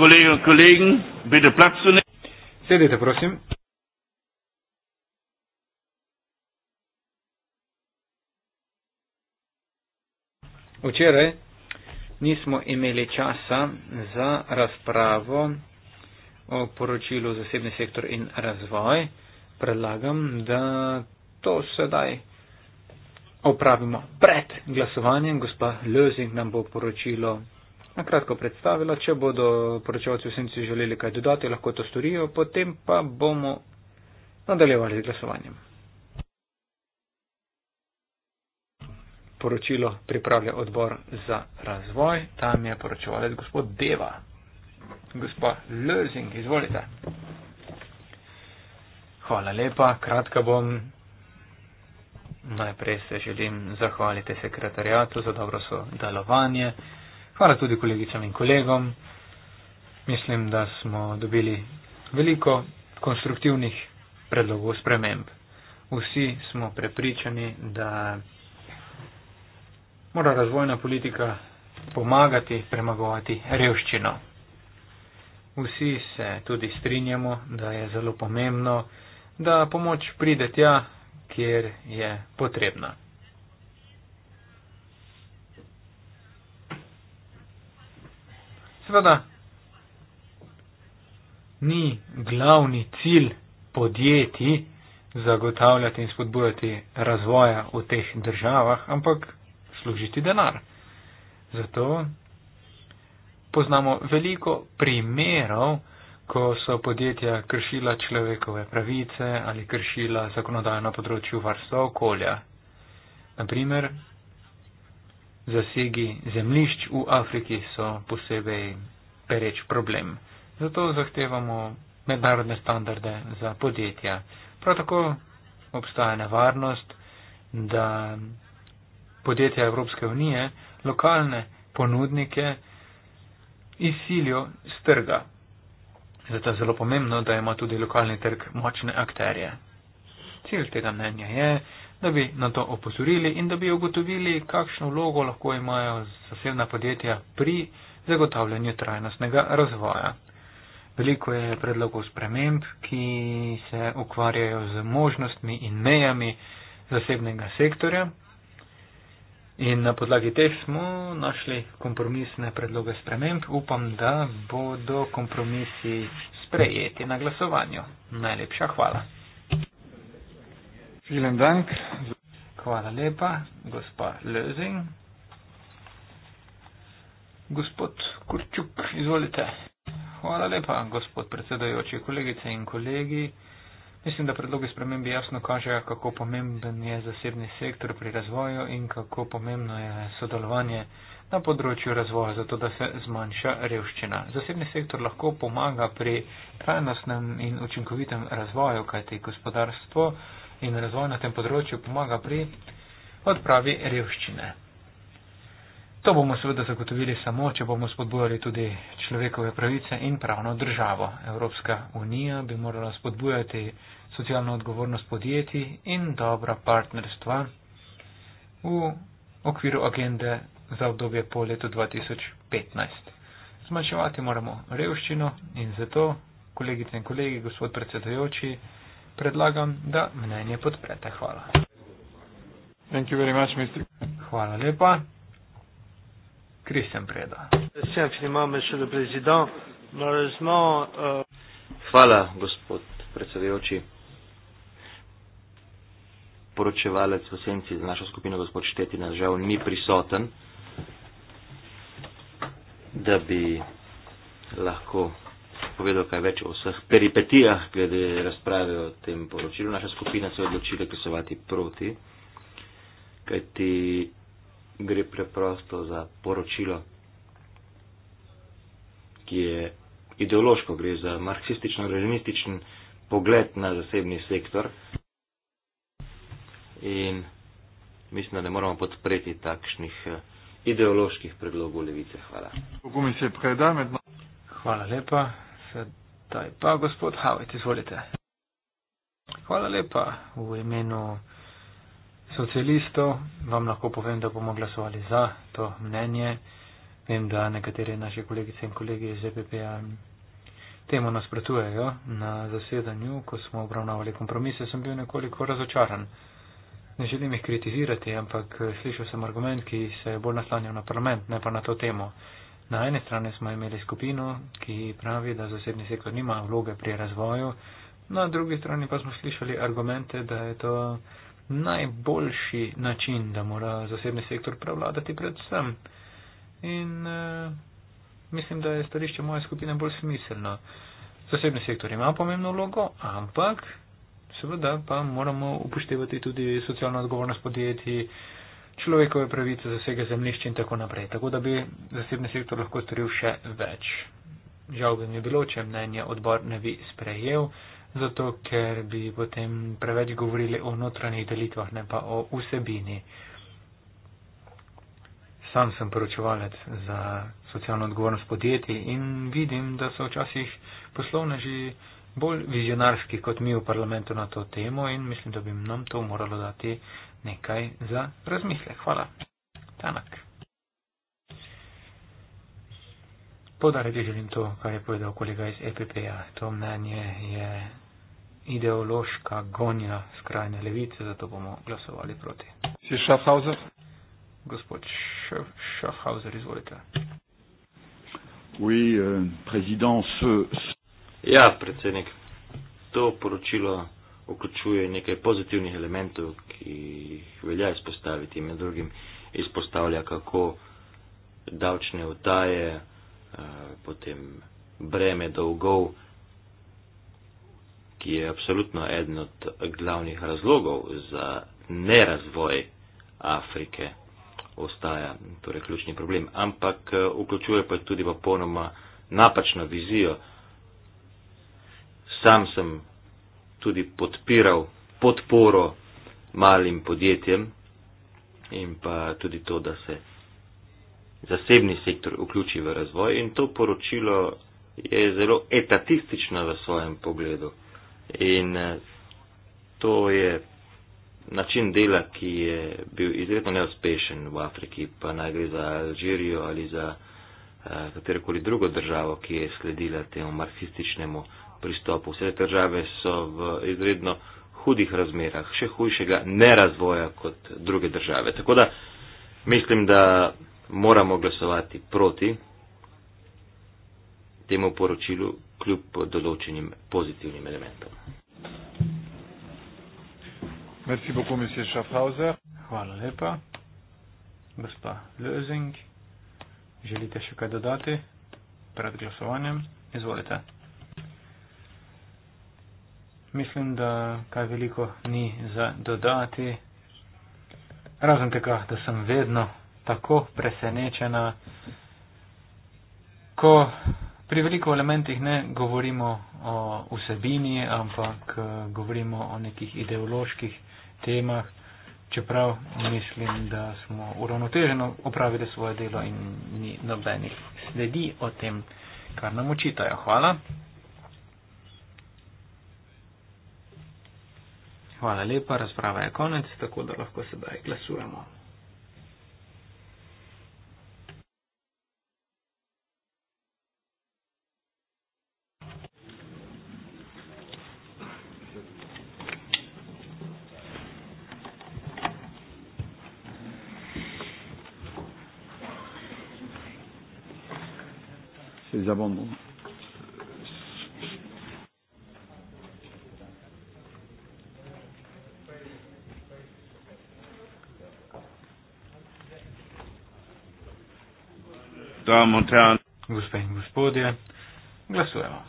kolegen in kolegen, bitte Platz zu nehmen. Sedite, prosim. Včeraj nismo imeli časa za razpravo o poročilu zasebni sektor in razvoj. Predlagam, da to sedaj opravimo pred glasovanjem. Gospa Lözing nam bo poročilo na kratko predstavila. Če bodo poročevalci v senci želeli kaj dodati, lahko to storijo, potem pa bomo nadaljevali z glasovanjem. Poročilo pripravlja odbor za razvoj, tam je poročevalec gospod Deva. Gospa Lözing, izvolite. Hvala lepa, kratka bom. Najprej se želim zahvaliti sekretarijatu za dobro sodelovanje. Hvala tudi kolegicam in kolegom. Mislim, da smo dobili veliko konstruktivnih predlogov sprememb. Vsi smo prepričani, da mora razvojna politika pomagati premagovati revščino. Vsi se tudi strinjamo, da je zelo pomembno, da pomoč pride tja, kjer je potrebna. seveda ni glavni cilj podjetij zagotavljati in spodbujati razvoja v teh državah, ampak služiti denar. Zato poznamo veliko primerov, ko so podjetja kršila človekove pravice ali kršila zakonodajno področju varstva okolja. Naprimer, zasegi zemlišč v Afriki so posebej pereč problem. Zato zahtevamo mednarodne standarde za podjetja. Prav tako obstaja nevarnost, da podjetja Evropske unije lokalne ponudnike izsilijo z trga. Zato je zelo pomembno, da ima tudi lokalni trg močne akterje. Cilj tega mnenja je, da bi na to opozorili in da bi ugotovili, kakšno vlogo lahko imajo zasebna podjetja pri zagotavljanju trajnostnega razvoja. Veliko je predlogov sprememb, ki se ukvarjajo z možnostmi in mejami zasebnega sektorja. In na podlagi teh smo našli kompromisne predloge sprememb. Upam, da bodo kompromisi sprejeti na glasovanju. Najlepša hvala. Vielen Dank. Hvala lepa, gospa Lezing. Gospod Kurčuk, izvolite. Hvala lepa, gospod predsedajoči, kolegice in kolegi. Mislim, da predlogi spremembi jasno kažejo, kako pomemben je zasebni sektor pri razvoju in kako pomembno je sodelovanje na področju razvoja, zato da se zmanjša revščina. Zasebni sektor lahko pomaga pri trajnostnem in učinkovitem razvoju, kajti gospodarstvo in razvoj na tem področju pomaga pri odpravi revščine. To bomo seveda zagotovili samo, če bomo spodbujali tudi človekove pravice in pravno državo. Evropska unija bi morala spodbujati socialno odgovornost podjetij in dobra partnerstva v okviru agende za obdobje po letu 2015. Zmanjševati moramo revščino in zato, kolegice in kolegi, gospod predsedajoči, predlagam, da mnenje podprete. Hvala. Thank you very much, Mr. Hvala lepa. Kristjan Preda. Hvala, gospod predsedujoči. Poročevalec v senci za našo skupino, gospod Štetina, žal ni prisoten, da bi lahko povedal kaj več o vseh peripetijah glede razprave o tem poročilu. Naša skupina se je odločila glasovati proti, kajti gre preprosto za poročilo, ki je ideološko, gre za marksistično-realističen pogled na zasebni sektor. In mislim, da ne moramo podpreti takšnih eh, ideoloških predlogov levice. Hvala. Hvala lepa. Sedaj pa gospod Havet, izvolite. Hvala lepa v imenu socialistov. Vam lahko povem, da bomo glasovali za to mnenje. Vem, da nekatere naše kolegice in kolegi iz EPP-ja temu nasprotujejo. Na zasedanju, ko smo obravnavali kompromise, sem bil nekoliko razočaran. Ne želim jih kritizirati, ampak slišal sem argument, ki se je bolj naslanjal na parlament, ne pa na to temo. Na eni strani smo imeli skupino, ki pravi, da zasebni sektor nima vloge pri razvoju, na drugi strani pa smo slišali argumente, da je to najboljši način, da mora zasebni sektor prevladati predvsem. In eh, mislim, da je stališče moje skupine bolj smiselno. Zasebni sektor ima pomembno vlogo, ampak seveda pa moramo upoštevati tudi socialno odgovornost podjetij, eh, človekove pravice, zasega zemlišče in tako naprej. Tako da bi zasebni sektor lahko storil še več. Žal bi mi bilo, če mnenje odbor ne bi sprejel, zato ker bi potem preveč govorili o notranjih delitvah, ne pa o vsebini. Sam sem poročevalec za socialno odgovornost podjetij in vidim, da so včasih poslovneži bolj vizionarski kot mi v parlamentu na to temo in mislim, da bi nam to moralo dati nekaj za razmislek. Hvala. Tanak. Podariti želim to, kar je povedal kolega iz EPP-ja. To mnenje je ideološka gonja skrajne levice, zato bomo glasovali proti. Si Schaffhauser? Gospod Schaffhauser, izvolite. Oui, euh, président, ce, ce... Ja, predsednik, to poročilo vključuje nekaj pozitivnih elementov, ki jih velja izpostaviti. Med drugim izpostavlja, kako davčne utaje, eh, potem breme dolgov, ki je absolutno eden od glavnih razlogov za nerazvoj Afrike, ostaja torej ključni problem. Ampak eh, vključuje pa tudi popolnoma napačno vizijo, sam sem tudi podpiral podporo malim podjetjem in pa tudi to, da se zasebni sektor vključi v razvoj in to poročilo je zelo etatistično v svojem pogledu in eh, to je način dela, ki je bil izredno neuspešen v Afriki, pa naj gre za Alžirijo ali za eh, katerokoli drugo državo, ki je sledila temu marksističnemu pristopu. Vse države so v izredno hudih razmerah, še hujšega nerazvoja kot druge države. Tako da mislim, da moramo glasovati proti temu poročilu kljub določenim pozitivnim elementom. Merci beaucoup, monsieur Schaffhauser. Hvala lepa. Gospa Lözing, želite še kaj dodati pred glasovanjem? Izvolite mislim, da kaj veliko ni za dodati. Razen tega, da sem vedno tako presenečena, ko pri veliko elementih ne govorimo o vsebini, ampak eh, govorimo o nekih ideoloških temah, čeprav mislim, da smo uravnoteženo opravili svoje delo in ni nobenih sledi o tem, kar nam očitajo. Hvala. Hvala lepa, razprava je konec, tako da lahko sedaj glasujemo. Ces amendements. Gospe in gospodje, glasujemo.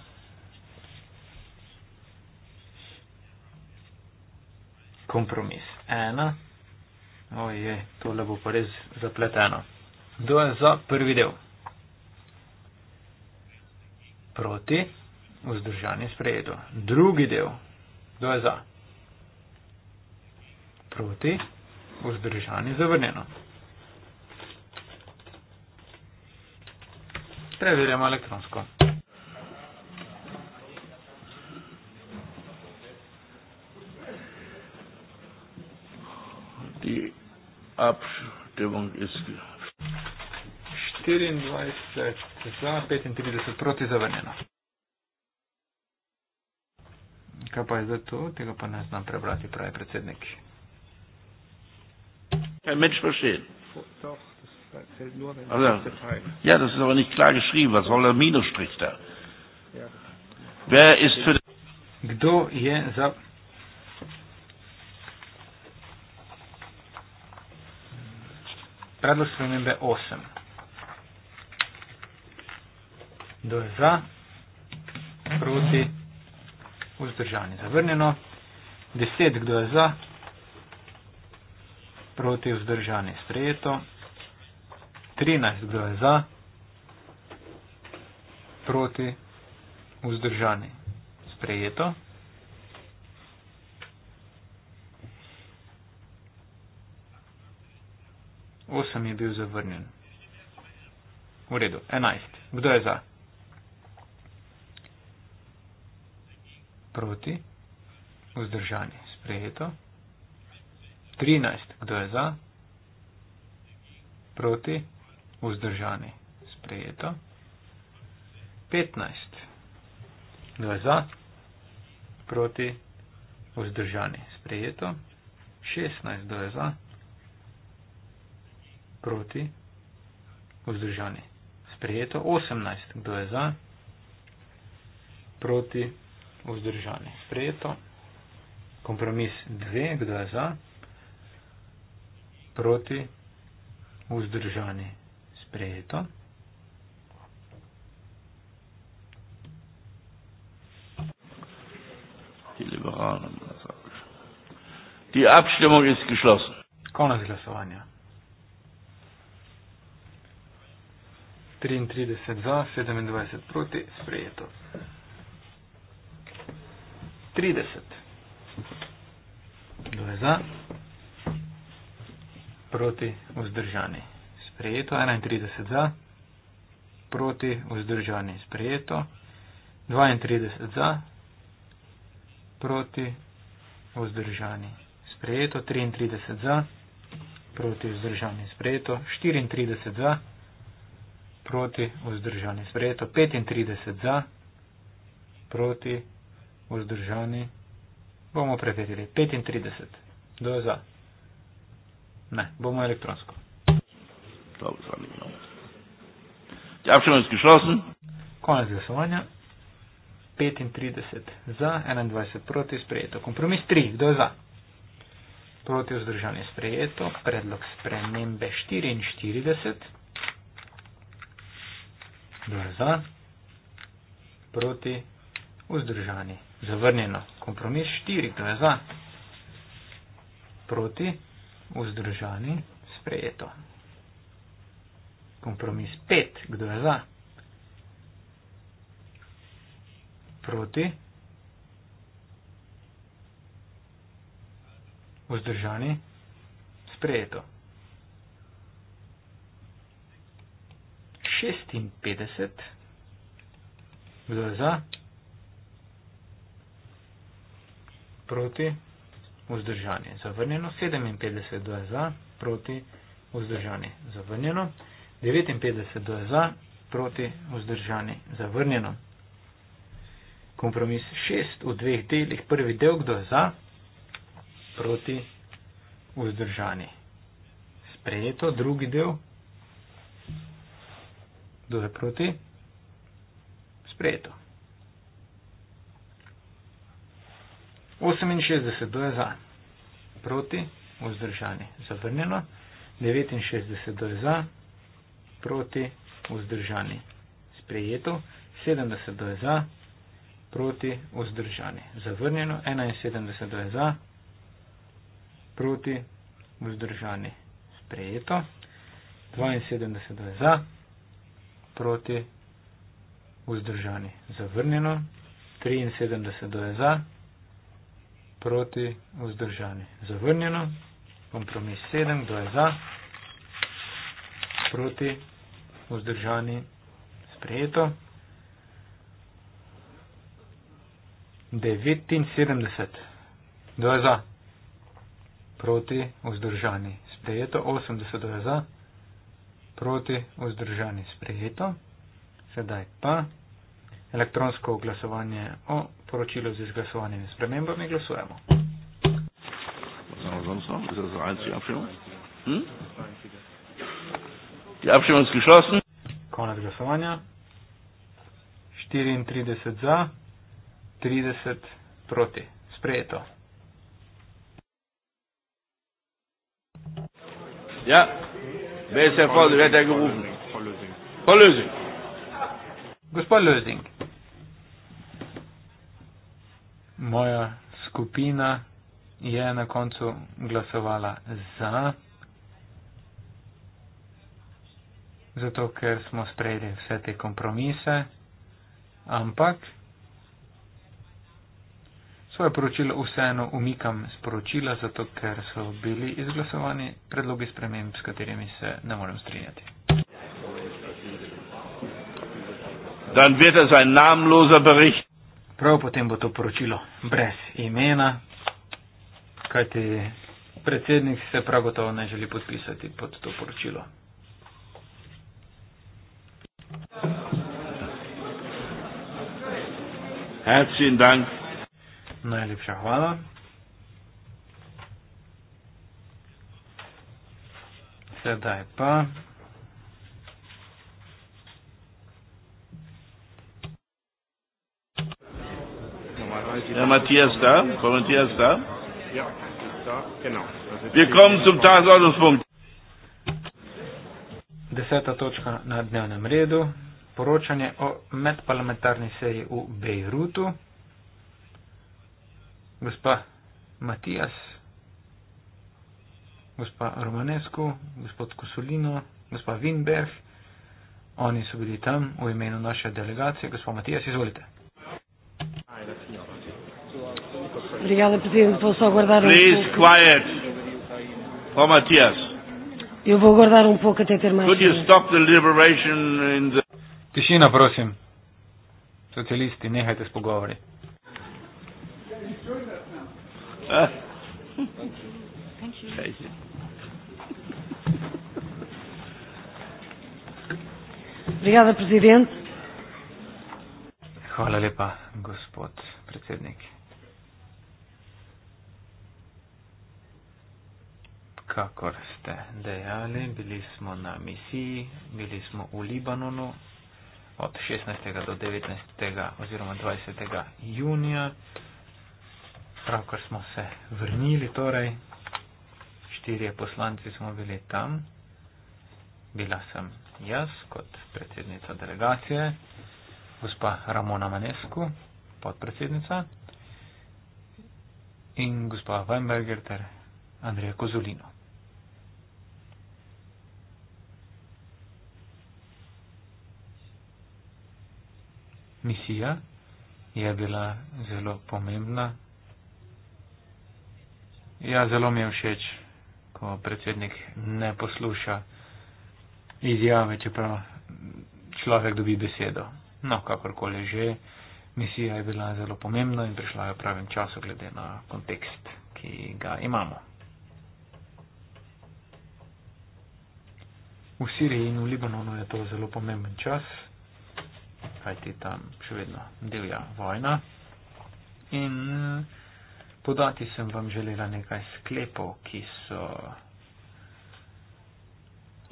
Kompromis ena. Oje, tole bo pa res zapleteno. Kdo je za prvi del? Proti, vzdržanje sprejeto. Drugi del. Kdo je za? Proti, vzdržanje zavrnjeno. preverjamo elektronsko. Ti up, te bom izgledal. 24, 35 proti zavrnjeno. Kaj pa je za to? Tega pa ne znam prebrati, pravi predsednik. Kaj meč pa še? Doch fällt nur, wenn also, ja, das ist aber nicht klar geschrieben. Was soll der Minusstrich da? Ja. Wer ist für den. Kto je za. Predlog spremembe 8. Kdo je za, proti, vzdržani. Zavrnjeno. 10. Kdo je za, proti, vzdržani. Strejeto. 13, kdo je za, proti, vzdržani, sprejeto. Osem je bil zavrnjen. V redu. Enajst. Kdo je za? Proti. Vzdržani. Sprejeto. Trinajst. Kdo je za? Proti vzdržani, sprejeto. 15. Dva za, proti, vzdržani, sprejeto. 16. Dva za, proti, vzdržani, sprejeto. 18. Dva za, proti, vzdržani, sprejeto. Kompromis 2. Kdo je za? Proti. Vzdržani sprejeto. Die Liberalen haben das abgeschlossen. Die Abstimmung ist geschlossen. Konec glasovanja. 33 za, 27 proti, sprejeto. 30. Kdo je za? Proti, vzdržani sprejeto, 31 za, proti, vzdržani, sprejeto, 32 za, proti, vzdržani, sprejeto, 33 za, proti, vzdržani, sprejeto, 34 za, proti, vzdržani, sprejeto, 35 za, proti, vzdržani, bomo preverili, 35 do za. Ne, bomo elektronsko. Dobro, no. sam ja, nije novac. Čapšemo iz Kišlosen. Konec glasovanja. 35 za, 21 proti, sprejeto. Kompromis 3, kdo je za? Proti vzdržanje sprejeto, predlog spremembe 44. Kdo je za? Proti vzdržanje. Zavrnjeno. Kompromis 4, kdo je za? Proti vzdržanje sprejeto. Kompromis 5. Kdo je za? Proti? Vzdržani? Sprejeto. 56. Kdo je za? Proti? Vzdržani. Zavrnjeno. 57. Kdo je za? Proti? Vzdržani. Zavrnjeno. 59 do je za, proti vzdržani zavrnjeno. Kompromis 6 v dveh delih, prvi del, kdo je za, proti vzdržani. Sprejeto, drugi del, kdo je proti, sprejeto. 68 do je za, proti vzdržani, zavrnjeno. 69 do je za, proti, vzdržani. Sprejeto, 70 do je za, proti, vzdržani. Zavrnjeno, 71 do je za, proti, vzdržani. Sprejeto, 72 do je za, proti, vzdržani. Zavrnjeno, 73 do je za, proti, vzdržani. Zavrnjeno, kompromis 7 do je za, proti, vzdržani vzdržani, sprejeto. 79, 2 za, proti, vzdržani, sprejeto, 80, 2 za, proti, vzdržani, sprejeto. Sedaj pa elektronsko glasovanje o poročilu z izglasovanimi spremembami glasujemo. Sonst noch? Ist das so einzig Abstimmung? Hm? Die Abstimmung ist geschlossen. Konec glasovanja. 34 za, 30 proti. Sprejeto. Ja, bej se pod, vete, govorim. Pa Lözing. Gospod Lözing. Moja skupina je na koncu glasovala za. zato ker smo sprejeli vse te kompromise, ampak svoje poročilo vseeno umikam z poročila, zato ker so bili izglasovani predlogi sprememb, s katerimi se ne morem strinjati. Prav potem bo to poročilo brez imena, kajti predsednik se prav gotovo ne želi podpisati pod to poročilo. Herzlichen Dank. Najlepša hvala. Sedaj pa. Herr ja, Matthias da? Kommt Matthias da? Ja, ist da, genau. Wir kommen zum Tagesordnungspunkt deseta točka na dnevnem redu, poročanje o medparlamentarni seji v Bejrutu. Gospa Matijas, gospa Romanesku, gospod Kosolino, gospa Winberg, oni so bili tam v imenu naše delegacije. Gospa Matijas, izvolite. Um Please quiet. Oh, Matias. Eu vou aguardar um pouco até ter mais. Could you stop the liberation in the... Tišina, prosim. Socialisti, nehajte s pogovori. Hvala lepa, gospod predsednik. Kakor ste dejali, bili smo na misiji, bili smo v Libanonu od 16. do 19. oziroma 20. junija. Pravkar smo se vrnili, torej štirje poslanci smo bili tam. Bila sem jaz kot predsednica delegacije, gospa Ramona Manesku, podpredsednica in gospa Weinberger ter Andrej Kozulino. misija je bila zelo pomembna. Ja, zelo mi je všeč, ko predsednik ne posluša izjave, čeprav človek dobi besedo. No, kakorkoli že, misija je bila zelo pomembna in prišla je v pravem času, glede na kontekst, ki ga imamo. V Siriji in v Libanonu je to zelo pomemben čas, kajti tam še vedno divja vojna. In eh, podati sem vam želela nekaj sklepov, ki so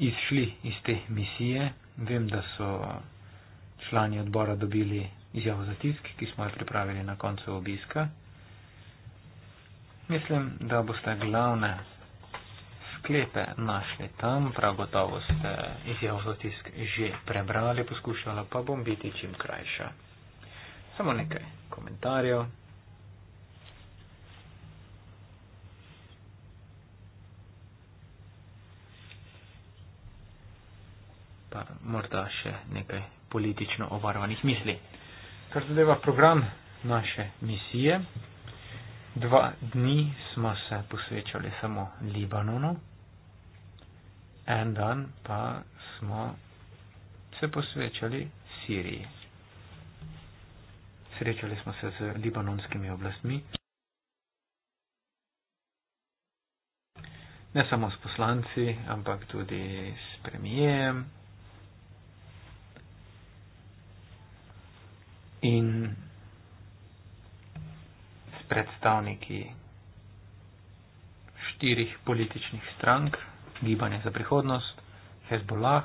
izšli iz te misije. Vem, da so člani odbora dobili izjavo za tisk, ki smo jo pripravili na koncu obiska. Mislim, da boste glavne sklepe našli tam, prav gotovo ste izjavo za tisk že prebrali, poskušala pa bom biti čim krajša. Samo nekaj komentarjev. Pa morda še nekaj politično obarvanih misli. Kar zadeva program naše misije, dva dni smo se posvečali samo Libanonu en dan pa smo se posvečali Siriji. Srečali smo se z libanonskimi oblastmi, ne samo s poslanci, ampak tudi s premijem. In s predstavniki štirih političnih strank, gibanje za prihodnost, Hezbollah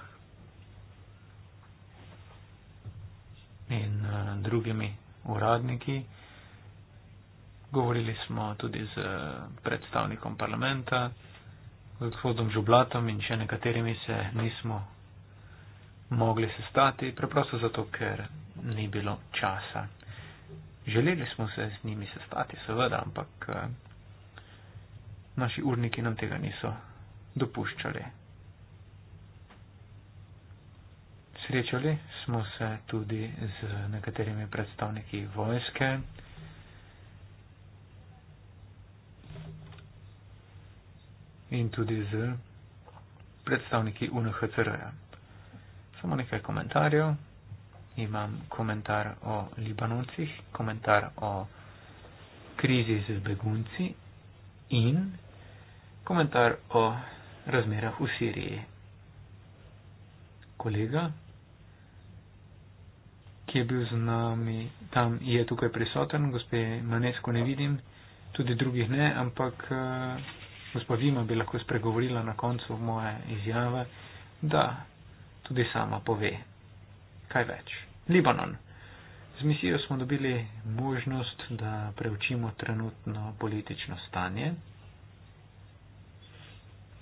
in eh, drugimi uradniki. Govorili smo tudi z eh, predstavnikom parlamenta, gospodom Žublatom in še nekaterimi se nismo mogli sestati, preprosto zato, ker ni bilo časa. Želeli smo se z njimi sestati, seveda, ampak eh, naši urniki nam tega niso dopuščali. Srečali smo se tudi z nekaterimi predstavniki vojske. In tudi z predstavniki UNHCR-ja. Samo nekaj komentarjev. Imam komentar o Libanoncih, komentar o krizi z begunci in komentar o razmerah v Siriji. Kolega, ki je bil z nami tam, je tukaj prisoten, gospe Manesko ne vidim, tudi drugih ne, ampak eh, gospa Vima bi lahko spregovorila na koncu moje izjave, da tudi sama pove, kaj več. Libanon. Z misijo smo dobili možnost, da preučimo trenutno politično stanje.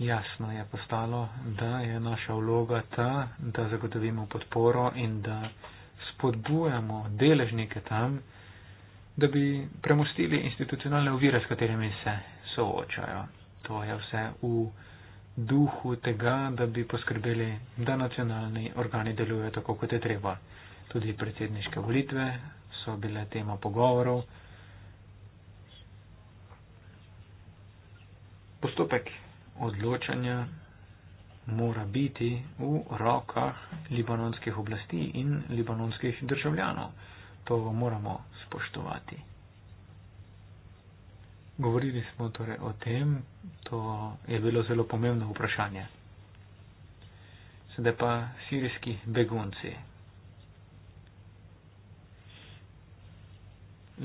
Jasno je postalo, da je naša vloga ta, da zagotovimo podporo in da spodbujamo deležnike tam, da bi premustili institucionalne ovire, s katerimi se soočajo. To je vse v duhu tega, da bi poskrbeli, da nacionalni organi delujejo tako, kot je treba. Tudi predsedniške volitve so bile tema pogovorov. Postopek odločanja mora biti v rokah libanonskih oblasti in libanonskih državljanov. To moramo spoštovati. Govorili smo torej o tem, to je bilo zelo pomembno vprašanje. Sedaj pa sirijski begunci.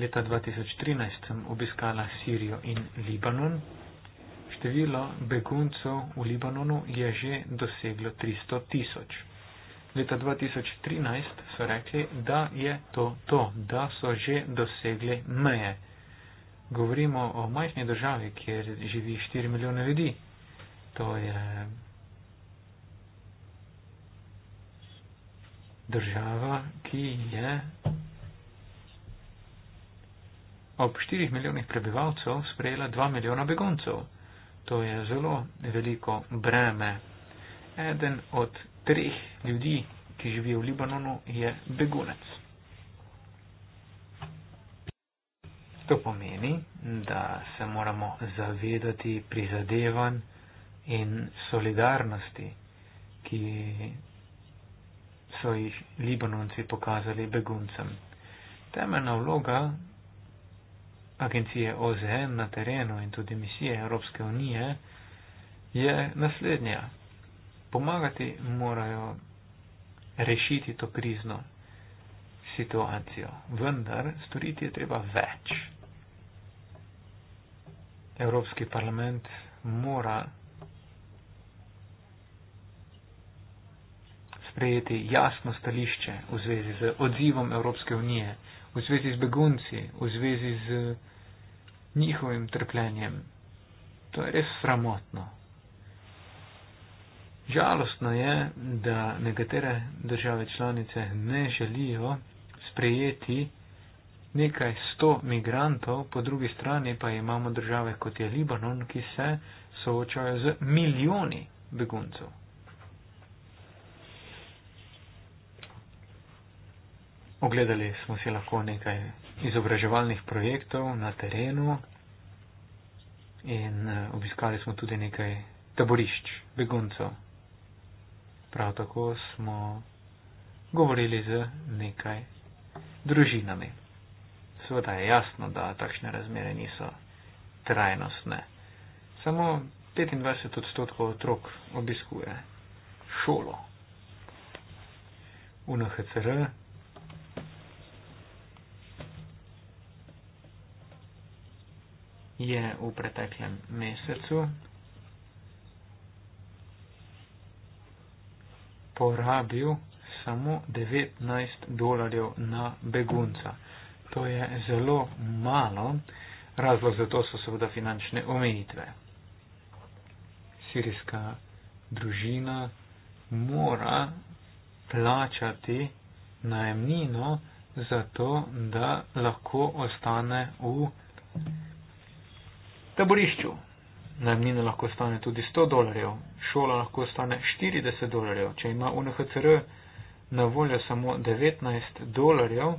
Leta 2013 sem obiskala Sirijo in Libanon. Število beguncev v Libanonu je že doseglo 300 tisoč. Leta 2013 so rekli, da je to to, da so že dosegli meje. Govorimo o majhni državi, kjer živi 4 milijone ljudi. To je država, ki je ob 4 milijonih prebivalcev sprejela 2 milijona beguncev. To je zelo veliko breme. Eden od treh ljudi, ki živijo v Libanonu, je begunec. To pomeni, da se moramo zavedati prizadevanj in solidarnosti, ki so jih Libanonci pokazali beguncem. Temeljna vloga agencije OZN na terenu in tudi misije Evropske unije je naslednja. Pomagati morajo rešiti to krizno situacijo, vendar storiti je treba več. Evropski parlament mora sprejeti jasno stališče v zvezi z odzivom Evropske unije v zvezi z begunci, v zvezi z eh, njihovim trpljenjem. To je res sramotno. Žalostno je, da nekatere države članice ne želijo sprejeti nekaj sto migrantov, po drugi strani pa imamo države kot je Libanon, ki se soočajo z milijoni beguncev. Ogledali smo si lahko nekaj izobraževalnih projektov na terenu in eh, obiskali smo tudi nekaj taborišč beguncev. Prav tako smo govorili z nekaj družinami. Sveda je jasno, da takšne razmere niso trajnostne. Samo 25 odstotkov otrok obiskuje šolo. UNHCR je v preteklem mesecu porabil samo 19 dolarjev na begunca. To je zelo malo, razlog za to so seveda finančne omejitve. Sirijska družina mora plačati najemnino za to, da lahko ostane v taborišču. Najmnina lahko stane tudi 100 dolarjev, šola lahko stane 40 dolarjev. Če ima UNHCR na voljo samo 19 dolarjev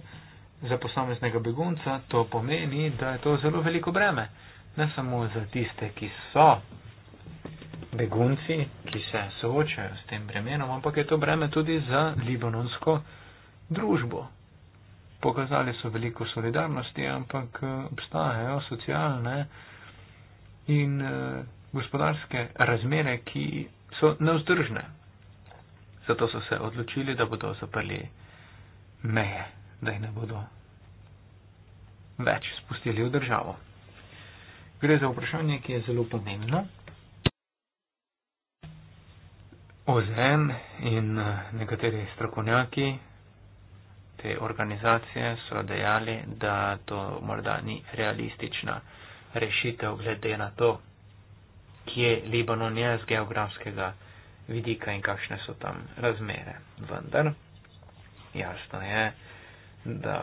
za posameznega begunca, to pomeni, da je to zelo veliko breme. Ne samo za tiste, ki so begunci, ki se soočajo s tem bremenom, ampak je to breme tudi za libanonsko družbo. Pokazali so veliko solidarnosti, ampak eh, obstajajo socialne in uh, gospodarske razmere, ki so neuzdržne. Zato so se odločili, da bodo zaprli meje, da jih ne bodo več spustili v državo. Gre za vprašanje, ki je zelo pomembno. OZN in eh, nekateri strokovnjaki te organizacije so dejali, da to morda ni realistična uh, rešitev glede na to, kje Libanon je z geografskega vidika in kakšne so tam razmere. Vendar jasno je, da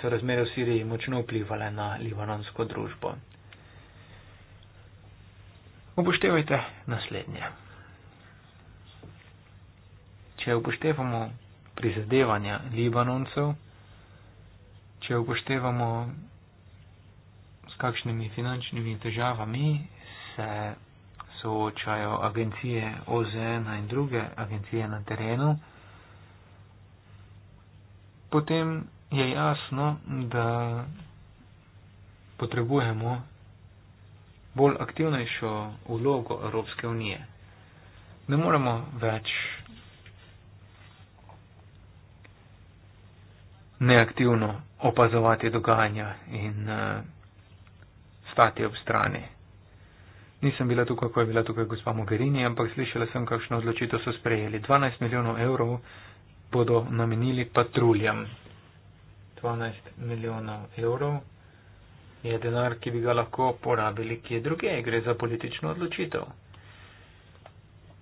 so razmere v Siriji močno vplivale na libanonsko družbo. Upoštevajte naslednje. Če upoštevamo prizadevanja Libanoncev, če upoštevamo kakšnimi finančnimi težavami se soočajo agencije OZN in druge agencije na terenu, potem je jasno, da potrebujemo bolj aktivnejšo vlogo Evropske unije. Ne moremo več neaktivno opazovati dogajanja in uh, stati ob strani. Nisem bila tukaj, ko je bila tukaj gospa Mogherini, ampak slišala sem, kakšno odločitev so sprejeli. 12 milijonov evrov bodo namenili patruljam. 12 milijonov evrov je denar, ki bi ga lahko porabili kje druge. Gre za politično odločitev.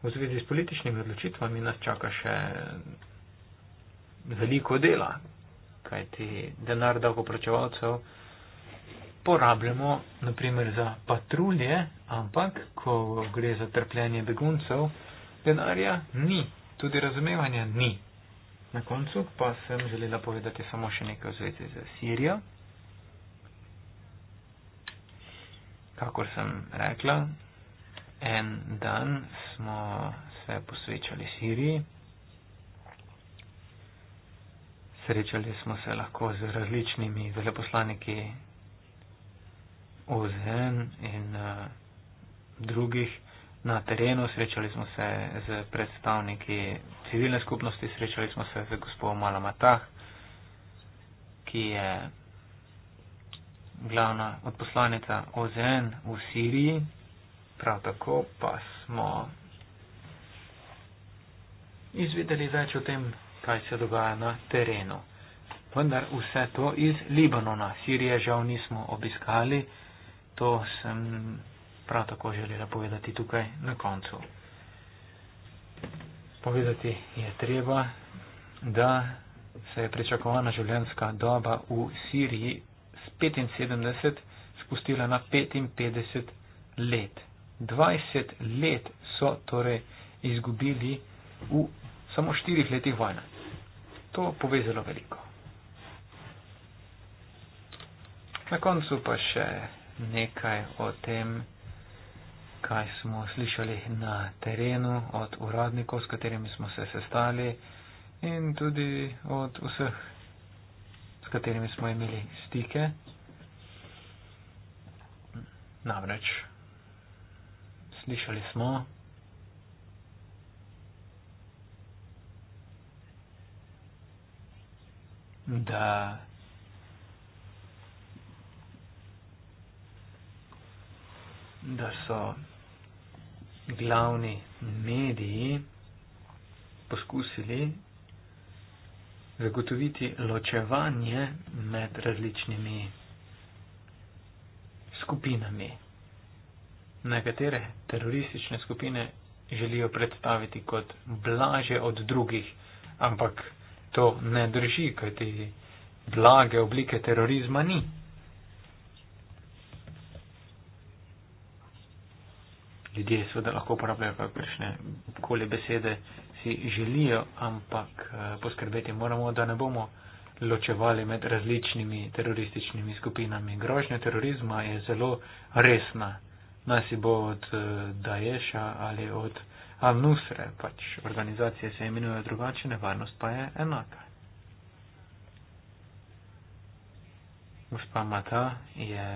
V zvezi s političnimi odločitvami nas čaka še veliko dela, kajti denar davkoplačevalcev porabljamo naprimer za patrulje, ampak ko gre za trpljenje beguncev, denarja ni, tudi razumevanja ni. Na koncu pa sem želela povedati samo še nekaj v zvezi z Sirijo. Kakor sem rekla, en dan smo se posvečali Siriji. Srečali smo se lahko z različnimi veleposlaniki v Zen in uh, drugih. Na terenu srečali smo se z predstavniki civilne skupnosti, srečali smo se z gospodom Malamatah, ki je glavna odposlanica OZN v Siriji. Prav tako pa smo izvedeli več o tem, kaj se dogaja na terenu. Vendar vse to iz Libanona. Sirije žal nismo obiskali. To sem prav tako želela povedati tukaj na koncu. Povedati je treba, da se je pričakovana življenjska doba v Siriji z 75 spustila na 55 let. 20 let so torej izgubili v samo 4 letih vojna. To pove zelo veliko. Na koncu pa še nekaj o tem, kaj smo slišali na terenu od uradnikov, s katerimi smo se sestali in tudi od vseh, s katerimi smo imeli stike. Namreč slišali smo, da da so glavni mediji poskusili zagotoviti ločevanje med različnimi skupinami. Nekatere teroristične skupine želijo predstaviti kot blaže od drugih, ampak to ne drži, kajti blage oblike terorizma ni. ljudje seveda lahko uporabljajo kakršne koli besede si želijo, ampak eh, poskrbeti moramo, da ne bomo ločevali med različnimi terorističnimi skupinami. Grožnja terorizma je zelo resna, nasi bo od eh, Daesha ali od Al-Nusre, pač organizacije se imenujejo drugače, nevarnost pa je enaka. Gospa Mata je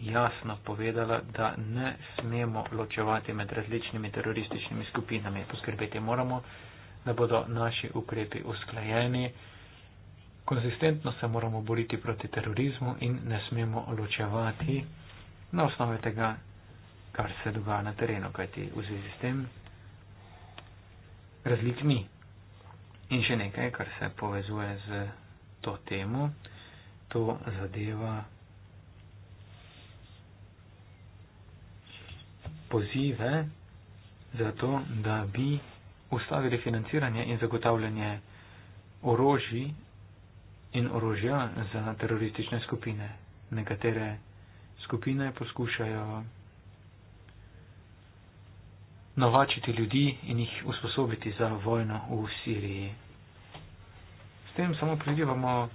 jasno povedala, da ne smemo ločevati med različnimi terorističnimi skupinami. Poskrbeti moramo, da bodo naši ukrepi usklajeni. Konsistentno se moramo boriti proti terorizmu in ne smemo ločevati na osnovi tega, kar se dogaja na terenu, kajti v zvezi s tem razlik ni. In še nekaj, kar se povezuje z to temo, to zadeva pozive za to, da bi ustavili financiranje in zagotavljanje orožji in orožja za teroristične skupine. Nekatere skupine poskušajo navačiti ljudi in jih usposobiti za vojno v Siriji. S tem samo pridivamo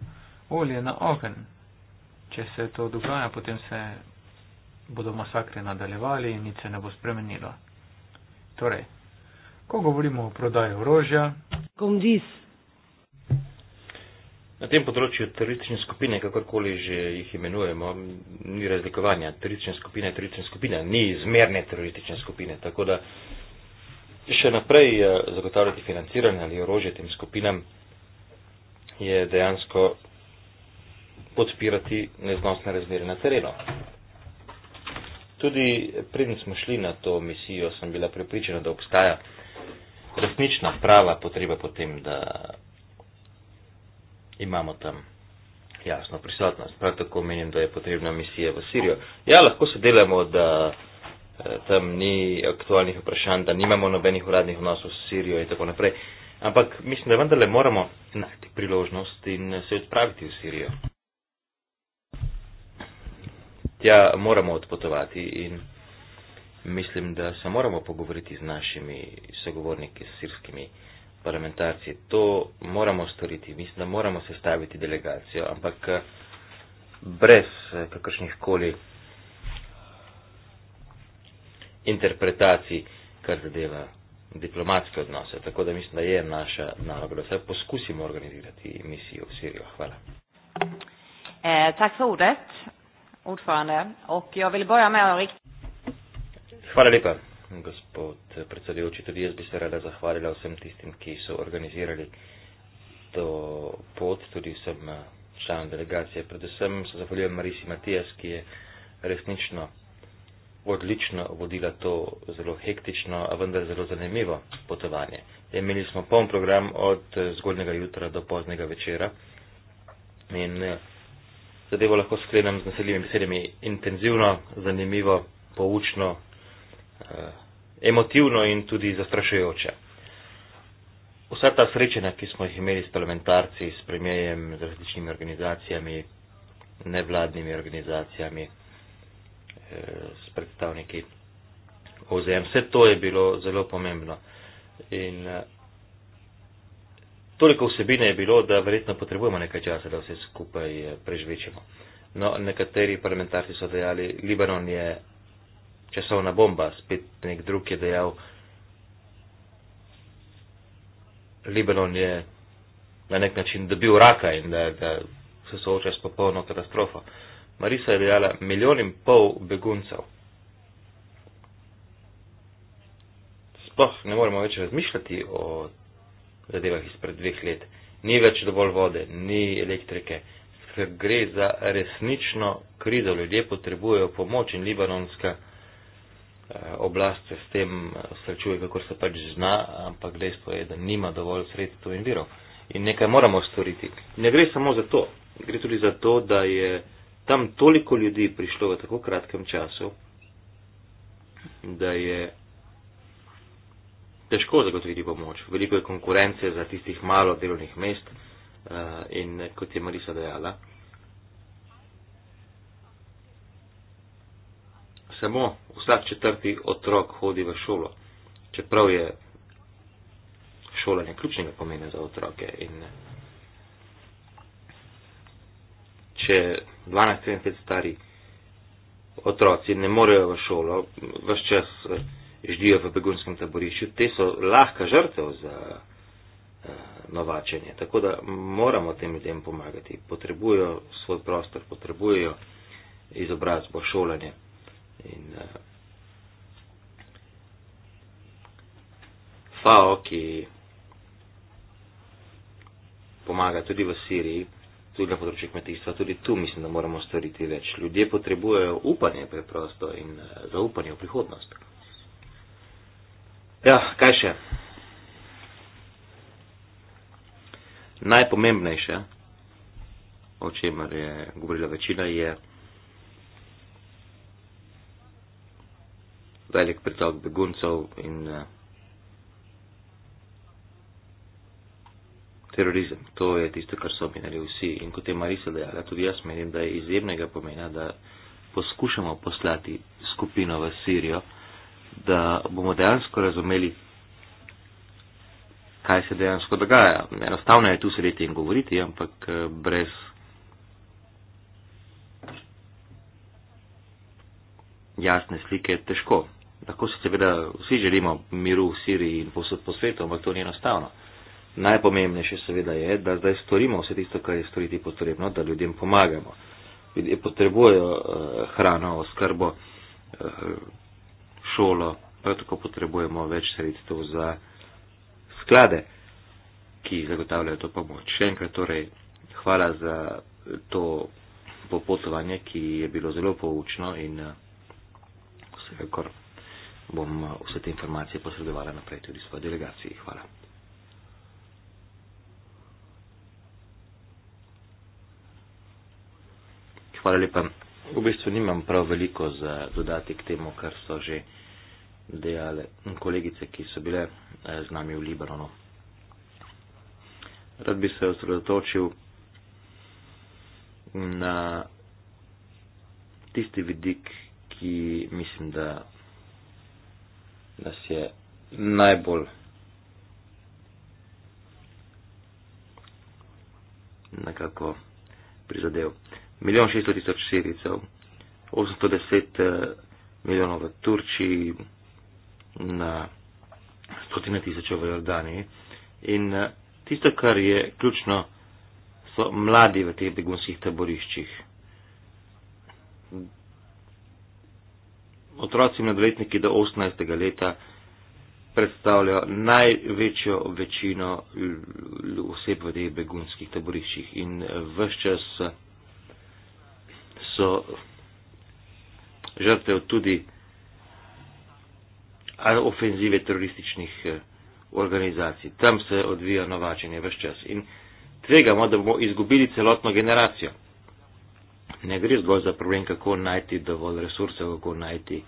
olje na ogen. Če se to dogaja, potem se bodo masakre nadaljevali in nič se ne bo spremenilo. Torej, ko govorimo o prodaji orožja. Komdis. Na tem področju teroristične skupine, kakorkoli že jih imenujemo, ni razlikovanja. Teroristične skupine je teroristična skupina, ni izmerne teroristične skupine. Tako da še naprej eh, zagotavljati financiranje ali orožje tem skupinam je dejansko podpirati neznosne razmere na terenu tudi predn smo šli na to misijo, sem bila prepričana, da obstaja resnična prava potreba potem, da imamo tam jasno prisotnost. Prav tako menim, da je potrebna misija v Sirijo. Ja, lahko se delamo, da eh, tam ni aktualnih vprašanj, da nimamo nobenih uradnih odnosov s Sirijo in tako naprej. Ampak mislim, da vendarle moramo najti priložnost in se odpraviti v Sirijo tja moramo odpotovati in mislim, da se moramo pogovoriti z našimi sogovorniki, s sirskimi parlamentarci. To moramo storiti, mislim, da moramo sestaviti delegacijo, ampak eh, brez eh, kakršnih koli interpretacij, kar zadeva diplomatske odnose. Tako da mislim, da je naša naloga, da se poskusimo organizirati misijo v Sirijo. Hvala. Eh, tack för ordet ordförande. Och jag vill börja med att rikta... Hvala lepa, gospod predsedujoči. Tudi jaz bi se rada zahvalila vsem tistim, ki so organizirali to pot, tudi vsem eh, članom delegacije. Predvsem se zahvaljujem Marisi Matijas, ki je resnično odlično vodila to zelo hektično, a vendar zelo zanimivo potovanje. Imeli smo poln program od eh, zgodnega jutra do poznega večera in eh, zadevo lahko sklenem z naslednjimi besedami. Intenzivno, zanimivo, poučno, eh, emotivno in tudi zastrašujoče. Vsa ta srečanja, ki smo jih imeli s parlamentarci, s premijejem, z različnimi organizacijami, nevladnimi organizacijami, eh, s predstavniki OZM, vse to je bilo zelo pomembno. In eh, Toliko vsebine je bilo, da verjetno potrebujemo nekaj časa, da vse skupaj eh, prežvečemo. No, nekateri parlamentarci so dejali, Libanon je časovna bomba, spet nek drug je dejal, Libanon je na nek način dobil raka in da, da se sooča s popolno katastrofo. Marisa je dejala, milijon in pol beguncev. Sploh ne moremo več razmišljati o zadevah izpred dveh let. Ni več dovolj vode, ni elektrike. Ker gre za resnično krizo, ljudje potrebujejo pomoč in libanonska eh, oblast se s tem eh, srečuje, kako se pač zna, ampak dejstvo je, da nima dovolj sredstev in virov. In nekaj moramo storiti. Ne gre samo za to, gre tudi za to, da je tam toliko ljudi prišlo v tako kratkem času, da je težko zagotoviti pomoč. Veliko je konkurence za tistih malo delovnih mest eh, in kot je Marisa dejala, samo vsak četrti otrok hodi v šolo, čeprav je šolanje ključnega pomena za otroke. In eh, če 12-13 stari otroci ne morejo v šolo, vse čas eh, ždijo v begunskem taborišču, te so lahka žrtev za uh, novačenje. Tako da moramo tem ljudem pomagati. Potrebujo svoj prostor, potrebujo izobrazbo, šolanje. In, uh, eh, FAO, ki pomaga tudi v Siriji, tudi na področju kmetijstva, tudi tu mislim, da moramo storiti več. Ljudje potrebujejo upanje preprosto in uh, zaupanje v prihodnost. Ja, kaj še? Najpomembnejše, o čemer je govorila večina, je velik pritok beguncev in eh, terorizem. To je tisto, kar so omenjali vsi. In kot je Marisa dejala, tudi jaz menim, da je izjemnega pomena, da poskušamo poslati skupino v Sirijo da bomo dejansko razumeli, kaj se dejansko dogaja. Enostavno je tu sedeti in govoriti, ampak eh, brez. Jasne slike je težko. Lahko se seveda vsi želimo miru v Siriji in posod po svetu, ampak to ni enostavno. Najpomembnejše seveda je, da zdaj storimo vse tisto, kar je storiti potrebno, da ljudem pomagamo. Ljudje potrebujejo eh, hrano, oskrbo, eh, šolo, prav tako potrebujemo več sredstev za sklade, ki zagotavljajo to pomoč. Še enkrat torej, hvala za to popotovanje, ki je bilo zelo poučno in eh, vsekakor bom eh, vse te informacije posredovala naprej tudi svoji delegaciji. Hvala. Hvala lepa. V bistvu nimam prav veliko za dodati k temu, kar so že dejale kolegice, ki so bile eh, z nami v Libanonu. Rad bi se osredotočil na tisti vidik, ki mislim, da nas je najbolj nekako prizadel. Milijon šeststo tisoč sirijcev, osemsto deset eh, milijonov v Turčiji, na stotine tisoče v Jordaniji. In eh, tisto, kar je ključno, so mladi v teh begunskih taboriščih. Otroci mladoletniki do 18. leta predstavljajo največjo večino oseb v teh begunskih taboriščih in eh, vse čas so žrtev tudi ali ofenzive terorističnih eh, organizacij. Tam se odvija novačenje vse čas. In tvegamo, da bomo izgubili celotno generacijo. Ne gre zgolj za problem, kako najti dovolj resursov, kako najti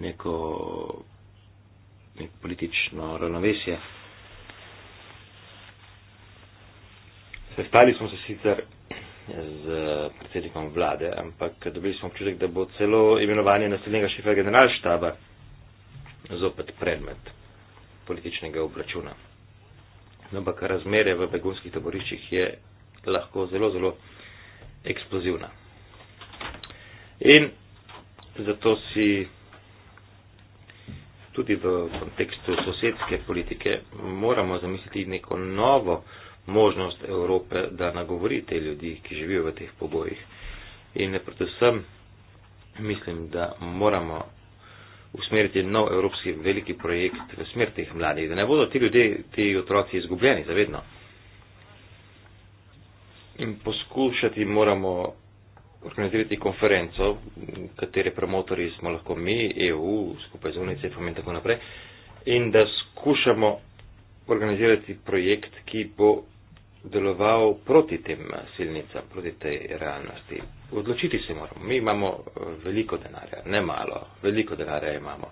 neko nek politično ravnovesje. Sestali smo se sicer z predsednikom vlade, ampak dobili smo občutek, da bo celo imenovanje naslednjega šefa generalštaba zopet predmet političnega obračuna. Ampak razmere v begunskih taboriščih je lahko zelo, zelo eksplozivna. In zato si tudi v kontekstu sosedske politike moramo zamisliti neko novo možnost Evrope, da nagovori te ljudi, ki živijo v teh pobojih. In predvsem mislim, da moramo usmeriti nov evropski veliki projekt v smer teh mladih, da ne bodo ti ljudje, ti otroci izgubljeni zavedno. In poskušati moramo organizirati konferenco, katere promotori smo lahko mi, EU, skupaj z UNICEF-om in tako naprej, in da skušamo organizirati projekt, ki bo deloval proti tem silnicam, proti tej realnosti. Odločiti se moramo. Mi imamo eh, veliko denarja, ne malo, veliko denarja imamo.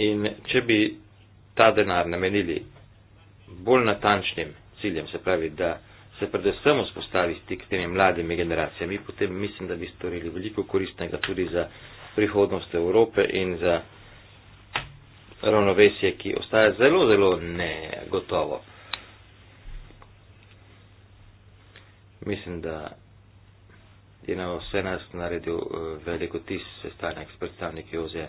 In če bi ta denar namenili bolj natančnim ciljem, se pravi, da se predvsem vzpostavi stik s temi mladimi generacijami, potem mislim, da bi storili veliko koristnega tudi za prihodnost Evrope in za ravnovesje, ki ostaja zelo, zelo negotovo. Mislim, da je na vse nas naredil eh, veliko tis sestanek s predstavniki OZE.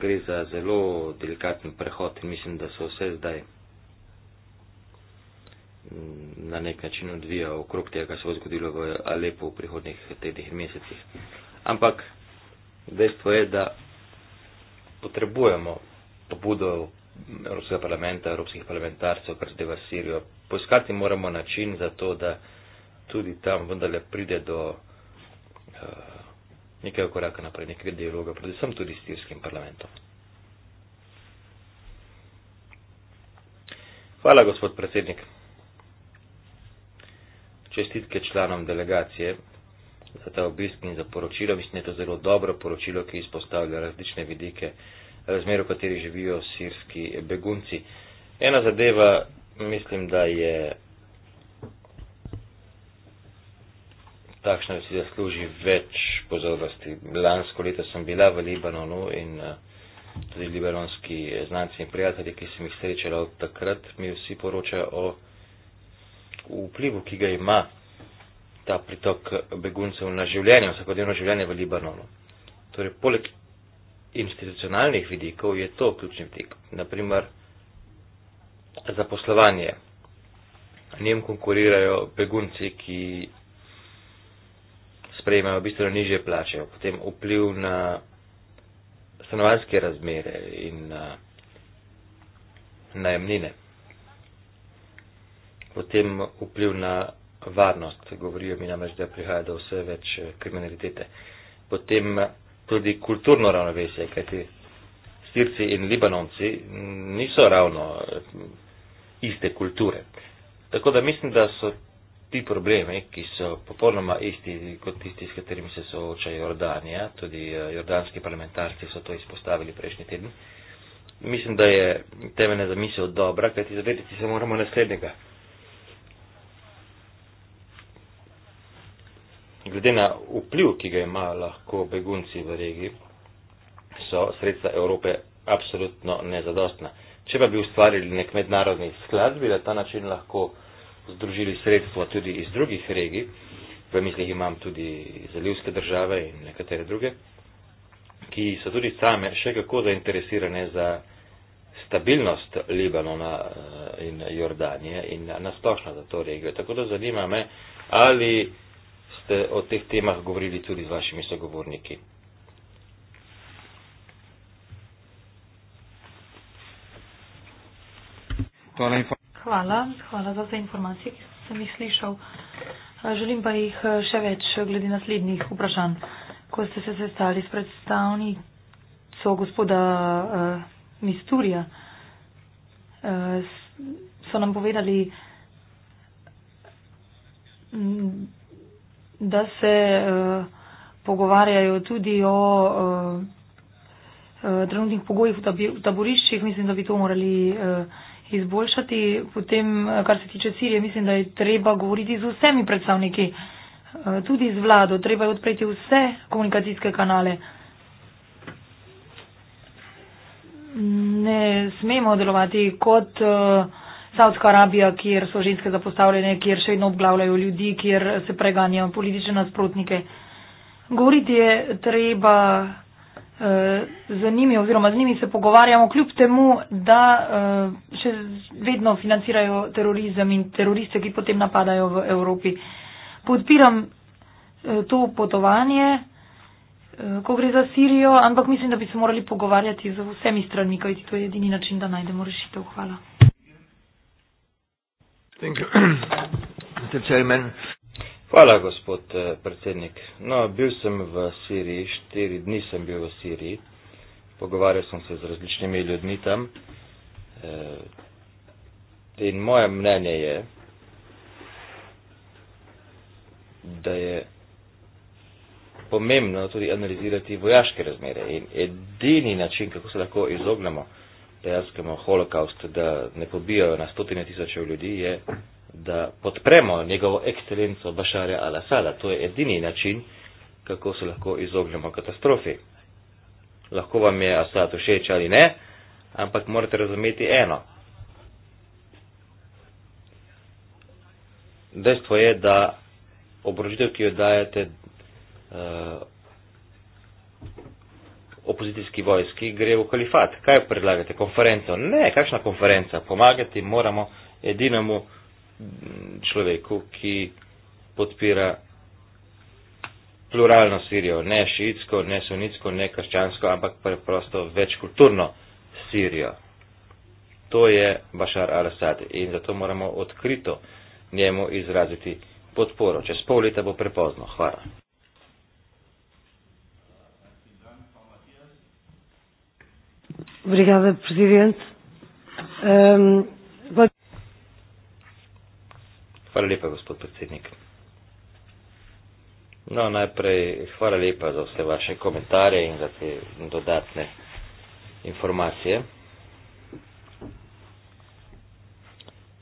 Gre za zelo delikaten prehod in mislim, da se vse zdaj mm, na nek način odvija okrog tega, kar se bo zgodilo v Alepu v prihodnih tednih mesecih. Ampak dejstvo je, da potrebujemo pobudo Evropskega parlamenta, Evropskih parlamentarcev, kar zdaj v Sirijo. Poiskati moramo način za to, da tudi tam vendarle pride do uh, eh, nekaj koraka naprej, nekaj dialoga, predvsem tudi s sirskim parlamentom. Hvala, gospod predsednik. Čestitke članom delegacije za ta obisk in za poročilo. Mislim, da je to zelo dobro poročilo, ki izpostavlja različne vidike razmer, v kateri živijo sirski begunci. Ena zadeva, mislim, da je takšna, da si zasluži več pozornosti. Lansko leto sem bila v Libanonu in eh, tudi libanonski eh, znanci in prijatelji, ki sem jih srečala od takrat, mi vsi poročajo o vplivu, ki ga ima ta pritok beguncev na življenje, vsakodnevno življenje v Libanonu. Torej, poleg institucionalnih vidikov je to ključni vidik. Naprimer, zaposlovanje. Njem konkurirajo begunci, ki sprejemajo bistveno niže plače, potem vpliv na stanovanske razmere in na najemnine. Potem vpliv na varnost, govorijo mi namreč, da prihaja do vse več kriminalitete. Potem tudi kulturno ravnovesje, kajti Sirci in Libanonci niso ravno eh, iste kulture. Tako da mislim, da so ti problemi, ki so popolnoma isti kot tisti, s katerimi se sooča Jordanija, tudi eh, jordanski parlamentarci so to izpostavili prejšnji teden, mislim, da je temeljna zamisel dobra, kajti zavedeti se moramo naslednjega. glede na vpliv, ki ga imajo lahko begunci v regiji, so sredstva Evrope apsolutno nezadostna. Če pa bi ustvarili nek mednarodni sklad, bi na ta način lahko združili sredstva tudi iz drugih regij, v mislih imam tudi zalivske države in nekatere druge, ki so tudi same še kako zainteresirane za stabilnost Libanona eh, in Jordanije in nasplošno za to regijo. Tako da zanima me, ali ste o teh temah govorili tudi z vašimi sogovorniki. Hvala, hvala, hvala za te informacije, ki sem jih slišal. Želim pa jih še več glede naslednjih vprašanj. Ko ste se sestali s predstavnico gospoda uh, Misturja, uh, so nam povedali, da se uh, pogovarjajo tudi o uh, trenutnih pogojih v, tabi, v taboriščih. Mislim, da bi to morali uh, izboljšati. Potem, kar se tiče Sirije, mislim, da je treba govoriti z vsemi predstavniki, uh, tudi z vlado. Treba je odpreti vse komunikacijske kanale. Ne smemo delovati kot. Uh, Saudska Arabija, kjer so ženske zapostavljene, kjer še vedno obglavljajo ljudi, kjer se preganjajo politične nasprotnike. Govoriti je treba eh, z njimi oziroma z njimi se pogovarjamo, kljub temu, da eh, še vedno financirajo terorizem in teroriste, ki potem napadajo v Evropi. Podpiram eh, to potovanje, ko gre za Sirijo, ampak mislim, da bi se morali pogovarjati z vsemi stranmi, kajti to je edini način, da najdemo rešitev. Hvala. Hvala, gospod eh, predsednik. No, bil sem v Siriji, štiri dni sem bil v Siriji, pogovarjal sem se z različnimi ljudmi tam eh, in moje mnenje je, da je pomembno tudi analizirati vojaške razmere in edini način, kako se lahko izognemo dejanskemu holokaustu, da ne pobijajo na stotine tisočev ljudi, je, da podpremo njegovo ekscelenco Bašarja Al-Asada. To je edini način, kako se lahko izognemo katastrofi. Lahko vam je Asad všeč ali ne, ampak morate razumeti eno. Dejstvo je, da obrožitev, ki jo dajete, uh, opozicijski vojski gre v kalifat. Kaj predlagate? Konferenco? Ne, kakšna konferenca? Pomagati moramo edinemu mm, človeku, ki podpira pluralno Sirijo. Ne šiitsko, ne sunitsko, ne krščansko, ampak preprosto večkulturno Sirijo. To je Bašar al-Assad in zato moramo odkrito njemu izraziti podporo. Čez pol leta bo prepozno. Hvala. Obrigada, Presidente. Um, ehm, boa... Hvala lepa, gospod predsednik. No, najprej hvala lepa za vse vaše komentarje in za te dodatne informacije.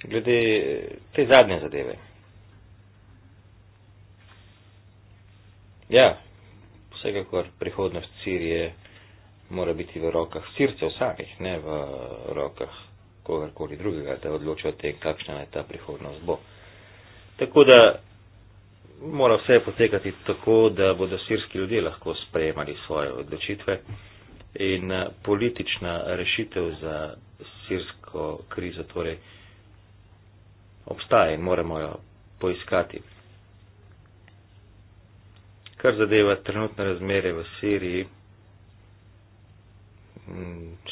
Glede eh, te zadnje zadeve. Ja, vsekakor prihodnost Sirije mora biti v rokah sircev samih, ne v rokah kogarkoli drugega, da odloča o tem, kakšna je ta prihodnost bo. Tako da mora vse potekati tako, da bodo sirski ljudje lahko sprejemali svoje odločitve in eh, politična rešitev za sirsko krizo torej obstaja in moramo jo poiskati. Kar zadeva trenutne razmere v Siriji,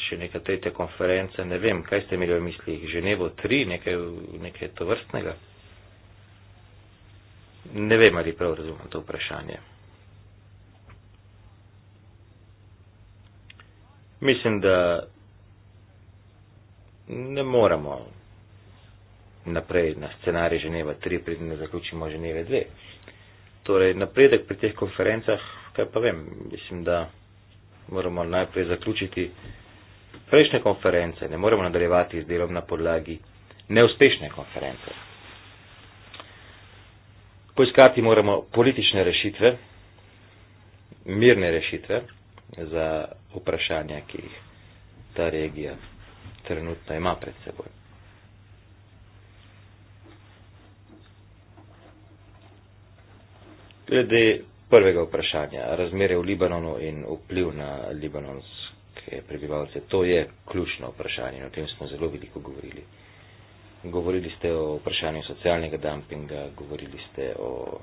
še neka tretja konferenca, ne vem, kaj ste imeli v mislih, Ženevo 3, nekaj, nekaj tovrstnega. Ne vem, ali prav razumem to vprašanje. Mislim, da ne moramo naprej na scenarij Ženeva 3, preden ne zaključimo Ženeve 2. Torej, napredek pri teh konferencah, kaj pa vem, mislim, da moramo najprej zaključiti prejšnje konference, ne moremo nadaljevati z delom na podlagi neuspešne konference. Poiskati moramo politične rešitve, mirne rešitve za vprašanja, ki jih ta regija trenutno ima pred seboj. Glede prvega vprašanja, razmere v Libanonu in vpliv na libanonske prebivalce, to je ključno vprašanje in o tem smo zelo veliko govorili. Govorili ste o vprašanju socialnega dumpinga, govorili ste o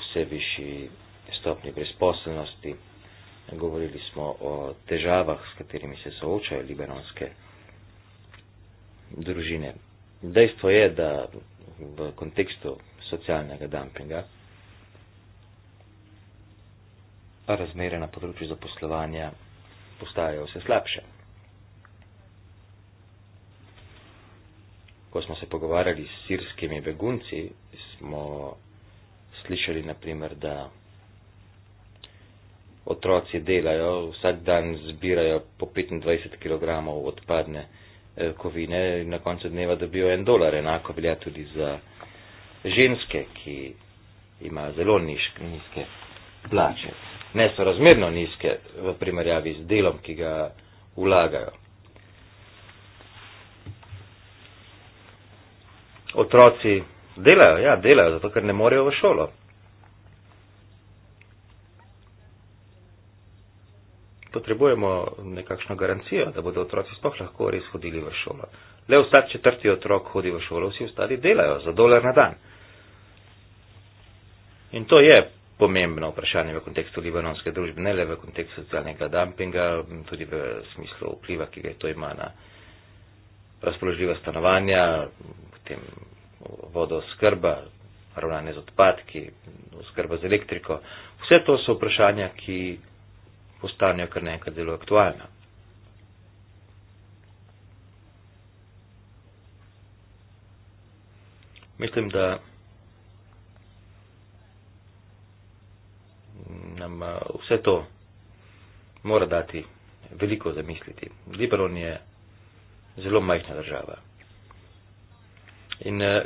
vse višji stopni brezposelnosti, govorili smo o težavah, s katerimi se soočajo libanonske družine. Dejstvo je, da v kontekstu socialnega dumpinga razmere na področju zaposlovanja postajajo vse slabše. Ko smo se pogovarjali s sirskimi begunci, smo slišali naprimer, da otroci delajo, vsak dan zbirajo po 25 kg odpadne eh, kovine in na koncu dneva dobijo en dolar, enako velja tudi za ženske, ki imajo zelo nizke plače nesorazmerno nizke v primerjavi z delom, ki ga vlagajo. Otroci delajo, ja, delajo, zato ker ne morejo v šolo. Potrebujemo nekakšno garancijo, da bodo otroci sploh lahko res hodili v šolo. Le vsak četrti otrok hodi v šolo, vsi ostali delajo za dolar na dan. In to je pomembno vprašanje v kontekstu libanonske družbe, ne le v kontekstu socialnega dumpinga, tudi v smislu vpliva, ki ga to ima na razpoložljiva stanovanja, potem vodooskrba, ravnanje z odpadki, oskrba z elektriko. Vse to so vprašanja, ki postanejo kar nekaj zelo aktualna. Mislim, da nam eh, vse to mora dati veliko zamisliti. Libanon je zelo majhna država. In eh,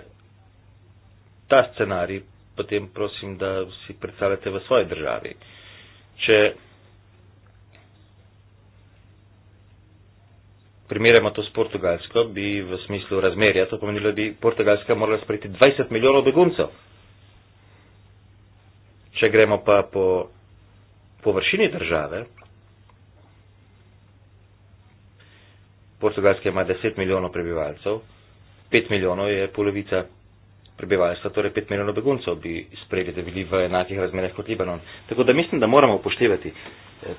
ta scenarij potem prosim, da si predstavljate v svoji državi. Če primerjamo to s Portugalsko, bi v smislu razmerja to pomenilo, da bi Portugalska morala sprejeti 20 milijonov beguncev. Če gremo pa po površini države, Portugalska ima 10 milijonov prebivalcev, 5 milijonov je polovica prebivalstva, torej 5 milijonov beguncev bi sprejeli, da bi bili v enakih razmerah kot Libanon. Tako da mislim, da moramo upoštevati eh,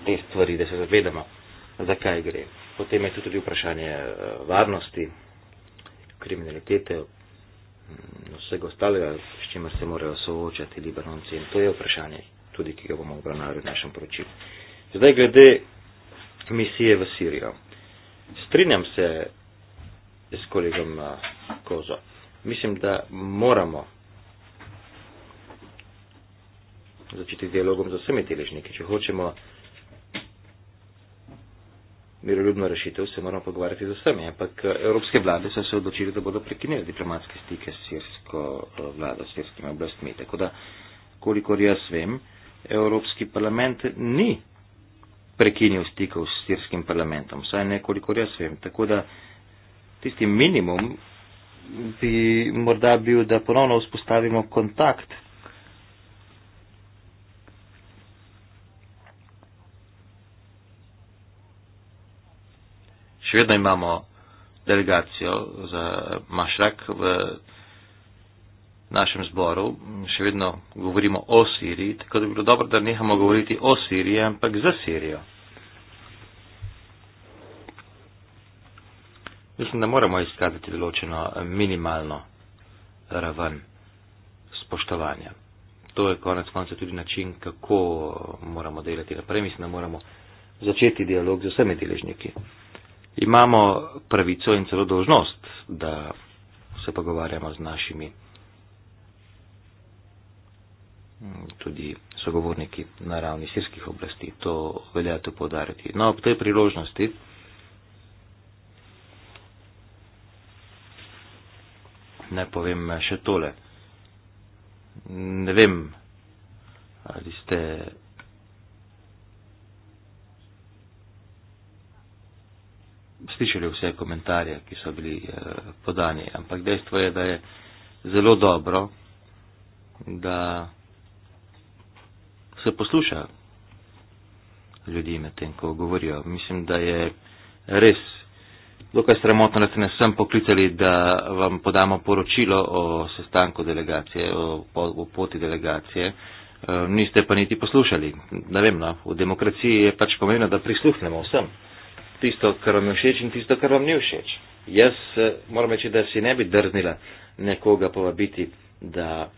te stvari, da se zavedamo, zakaj gre. Potem je tu tudi vprašanje eh, varnosti, kriminalitete, vsega ostalega, s čimer se morajo soočati libanonci. In to je vprašanje, tudi ki ga bomo obravnavali v našem poročilu. Zdaj, glede misije v Sirijo. Strinjam se s kolegom eh, Kozo. Mislim, da moramo začeti dialogom z vsemi deležniki, če hočemo miroljubno rešitev, se moramo pogovarjati z vsemi. Ampak eh, evropske vlade so se odločili, da bodo prekinili diplomatske stike s sirsko eh, vlado, s sirskimi oblastmi. Tako da, kolikor jaz vem, Evropski parlament ni prekinil stikov s sirskim parlamentom, vsaj nekoliko jaz vem. Tako da tisti minimum bi morda bil, da ponovno vzpostavimo kontakt še vedno imamo delegacijo za Mašrak v našem zboru, še vedno govorimo o Siriji, tako da bi bilo dobro, da nehamo govoriti o Siriji, ampak za Sirijo. Mislim, da moramo izkazati določeno minimalno raven spoštovanja. To je konec konca tudi način, kako moramo delati naprej. Mislim, da moramo začeti dialog z vsemi deležniki imamo pravico in celo dožnost, da se pogovarjamo z našimi mm, tudi sogovorniki na ravni sirskih oblasti. To velja to podariti. No, ob tej priložnosti ne povem še tole. Ne vem, ali ste slišali vse komentarje, ki so bili eh, podani, ampak dejstvo je, da je zelo dobro, da se posluša ljudi med tem, ko govorijo. Mislim, da je res dokaj sramotno, da ste nas sem poklicali, da vam podamo poročilo o sestanku delegacije, o, o poti delegacije. Eh, niste pa niti poslušali. Ne vem, no, v demokraciji je pač pomembno, da prisluhnemo vsem tisto, kar vam je všeč in tisto, kar vam ni všeč. Jaz eh, moram reči, da si ne bi drznila nekoga povabiti, da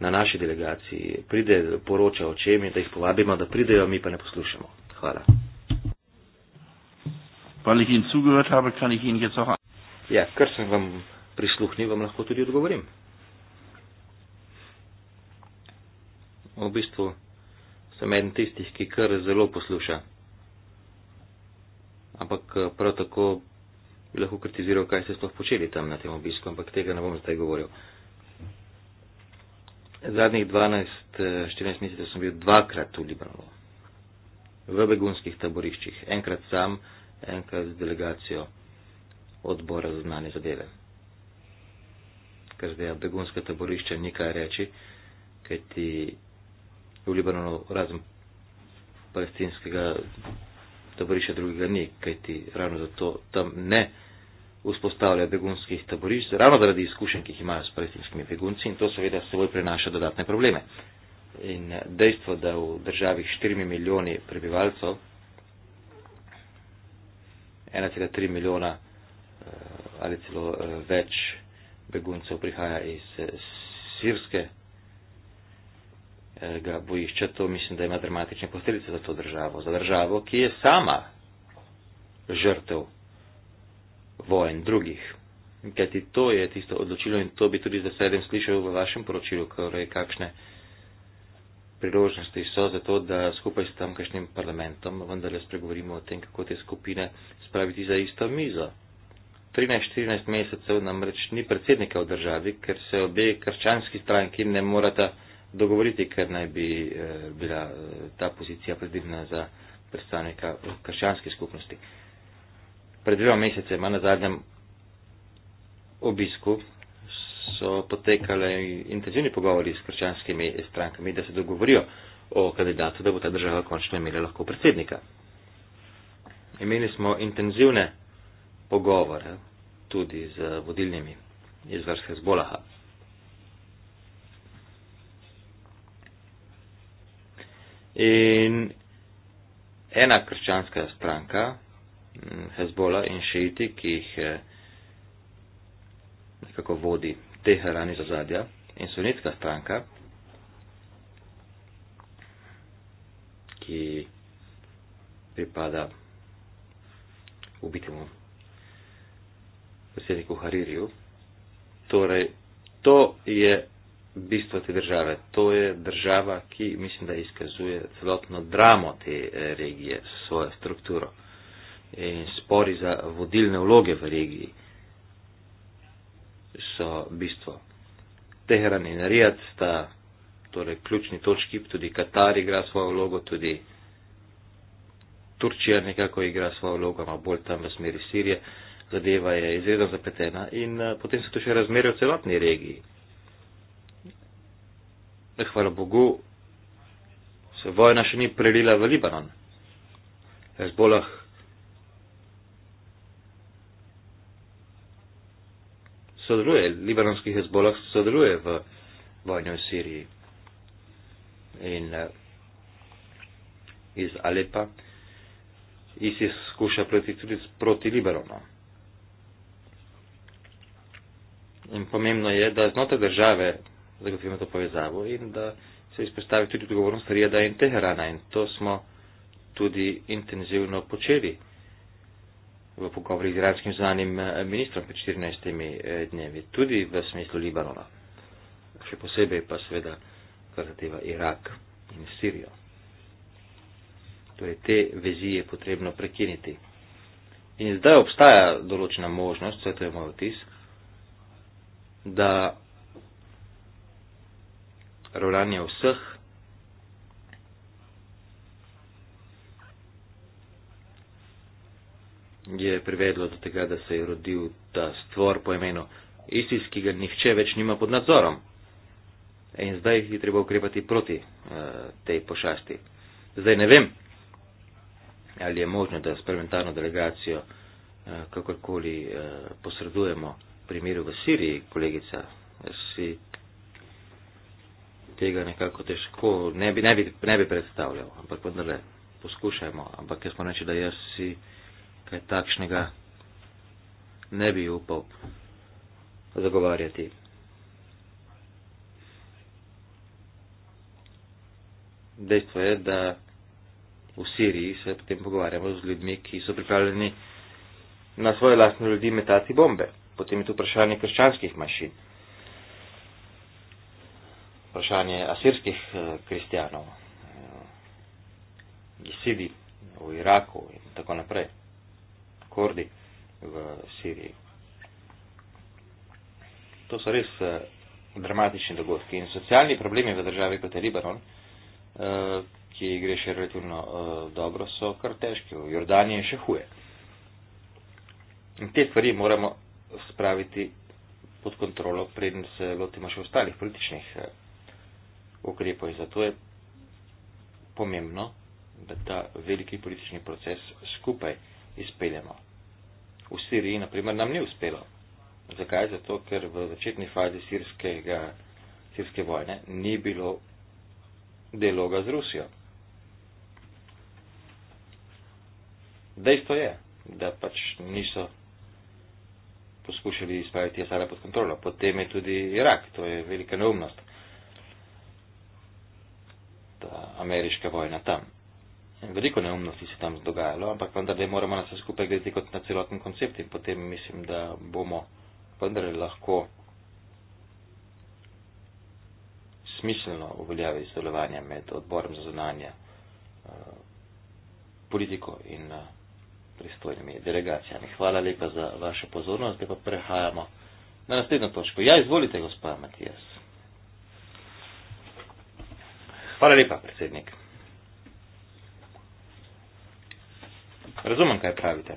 na naši delegaciji pride, poroča o čem in da jih povabimo, da pridejo, mi pa ne poslušamo. Hvala. Hvala jih in sugovor, ampak kaj jih in je soha. Ja, kar sem vam prisluhnil, vam lahko tudi odgovorim. V bistvu sem eden tistih, ki kar zelo posluša ampak eh, prav tako bi lahko kritiziral, kaj ste sploh počeli tam na tem obisku, ampak tega ne bom zdaj govoril. Zadnjih 12-14 eh, mesecev sem bil dvakrat v Libanonu, v begunskih taboriščih, enkrat sam, enkrat z delegacijo odbora za znane zadeve. Ker zdaj begunske taborišče ni kaj reči, kajti v Libanonu razen palestinskega taborišča drugega ni, kajti ravno zato tam ne vzpostavlja begunskih taborišč, ravno zaradi izkušenj, ki jih imajo s palestinskimi begunci in to seveda seboj prenaša dodatne probleme. In dejstvo, da v državi 4 milijoni prebivalcev, 1,3 milijona eh, ali celo eh, več beguncev prihaja iz eh, sirske ga bojišča, to mislim, da ima dramatične posledice za to državo, za državo, ki je sama žrtev vojen drugih. Kajti to je tisto odločilo in to bi tudi za sedem slišal v vašem poročilu, kaj torej, kakšne priložnosti so za to, da skupaj s tamkajšnjim parlamentom vendar le spregovorimo o tem, kako te skupine spraviti za isto mizo. 13-14 mesecev namreč ni predsednika v državi, ker se obe krščanski stranki ne morata dogovoriti, ker naj bi eh, bila eh, ta pozicija predvidena za predstavnika krščanske skupnosti. Pred dvema mesecema na zadnjem obisku so potekali intenzivni pogovori s krščanskimi strankami, da se dogovorijo o kandidatu, da bo ta država končno imela lahko predsednika. Imeli smo intenzivne pogovore tudi z vodilnimi iz vrste Zbolaha. In ena krščanska stranka, mm, Hezbola in šejiti, ki jih eh, nekako vodi Teheran iz ozadja, in sunitska stranka, ki pripada ubitemu predsedniku Haririju. Torej, to je bistvo te države. To je država, ki mislim, da izkazuje celotno dramo te eh, regije s svojo strukturo in spori za vodilne vloge v regiji so bistvo. Teheran in Rijad sta torej ključni točki, tudi Katar igra svojo vlogo, tudi Turčija nekako igra svojo vlogo, ampak no, bolj tam v smeri Sirije. Zadeva je izredno zapletena in eh, potem so tu še razmere v celotni regiji da eh, hvala Bogu se vojna še ni prelila v Libanon. Hezbolah sodeluje, libanonski Hezbolah sodeluje v vojni v Siriji. In eh, iz Alepa ISIS skuša priti tudi proti Libanonu. In pomembno je, da znotraj države zagotovimo to povezavo in da se izpostavi tudi odgovornost Rijada in Teherana in to smo tudi intenzivno počeli v pogovorih z iranskim zvanim eh, ministrom pred 14 eh, dnevi, tudi v smislu Libanona, še posebej pa seveda, kar zadeva Irak in Sirijo. Torej, te vezi je potrebno prekiniti. In zdaj obstaja določena možnost, to je moj otisk, da ravnanja vseh. Je privedlo do tega, da se je rodil ta stvor po imenu Isis, ki ga nihče več nima pod nadzorom. In zdaj je treba ukrepati proti uh, tej pošasti. Zdaj ne vem, ali je možno, da s parlamentarno delegacijo uh, kakorkoli uh, posredujemo primeru v Siriji, kolegica. Si tega nekako težko, ne bi, ne bi, ne bi predstavljal, ampak vendarle poskušajmo. Ampak jaz moram reči, da jaz si kaj takšnega ne bi upal zagovarjati. Dejstvo je, da v Siriji se potem pogovarjamo z ljudmi, ki so pripravljeni na svoje lastne ljudi metati bombe. Potem je tu vprašanje krščanskih mašin vprašanje asirskih eh, kristijanov, eh, jesidi v Iraku in tako naprej, kordi v Siriji. To so res eh, dramatični dogodki in socialni problemi v državi kot je Libanon, ki gre še relativno dobro, so kar težki, v Jordaniji še huje. In te stvari moramo spraviti pod kontrolo, preden se lotimo še ostalih političnih ukrepov. In zato je pomembno, da ta veliki politični proces skupaj izpeljemo. V Siriji, naprimer, nam ni uspelo. Zakaj? Zato, ker v začetni fazi sirskega, sirske vojne ni bilo dialoga z Rusijo. Dejstvo je, da pač niso poskušali spraviti Asada pod kontrolo. Potem je tudi Irak, to je velika neumnost. ameriške vojne tam. Veliko neumnosti se tam dogajalo, ampak vendar ne moramo na vse skupaj gledati kot na celoten koncept in potem mislim, da bomo vendar lahko smiselno uveljavili sodelovanje med odborom za znanje, eh, politiko in eh, pristojnimi delegacijami. Hvala lepa za vašo pozornost, zdaj pa prehajamo na naslednjo točko. Ja, izvolite, gospod Matijas. Hvala lepa, predsednik. Razumem, kaj pravite.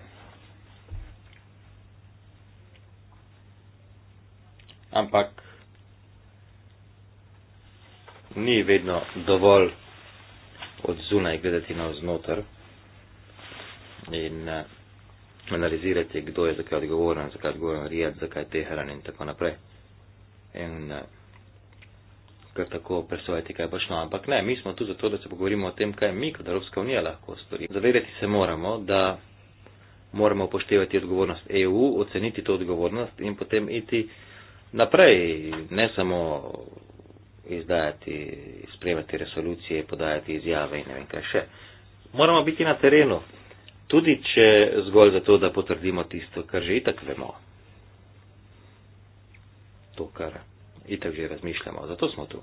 Ampak ni vedno dovolj od zunaj gledati na vznoter in eh, analizirati, kdo je zakaj odgovoren, zakaj odgovoren Rijad, zakaj Teheran in tako naprej. In, uh, kar tako presojati, kaj bo šlo. Ampak ne, mi smo tu zato, da se pogovorimo o tem, kaj mi kot Evropska unija lahko stori. Zavedati se moramo, da moramo upoštevati odgovornost EU, oceniti to odgovornost in potem iti naprej, ne samo izdajati, sprejemati resolucije, podajati izjave in ne vem kaj še. Moramo biti na terenu, tudi če zgolj zato, da potrdimo tisto, kar že itak vemo. To, kar itak že razmišljamo, zato smo tu.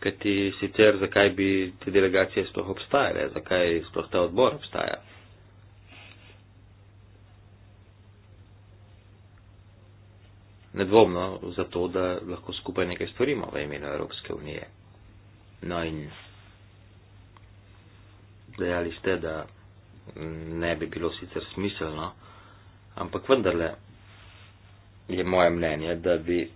Kaj ti sicer, zakaj bi te delegacije sploh obstajale, zakaj sploh ta odbor obstaja? Nedvomno zato, da lahko skupaj nekaj storimo v imenu Evropske unije. No in dejali ste, da ne bi bilo sicer smiselno, ampak vendarle je moje mnenje, da bi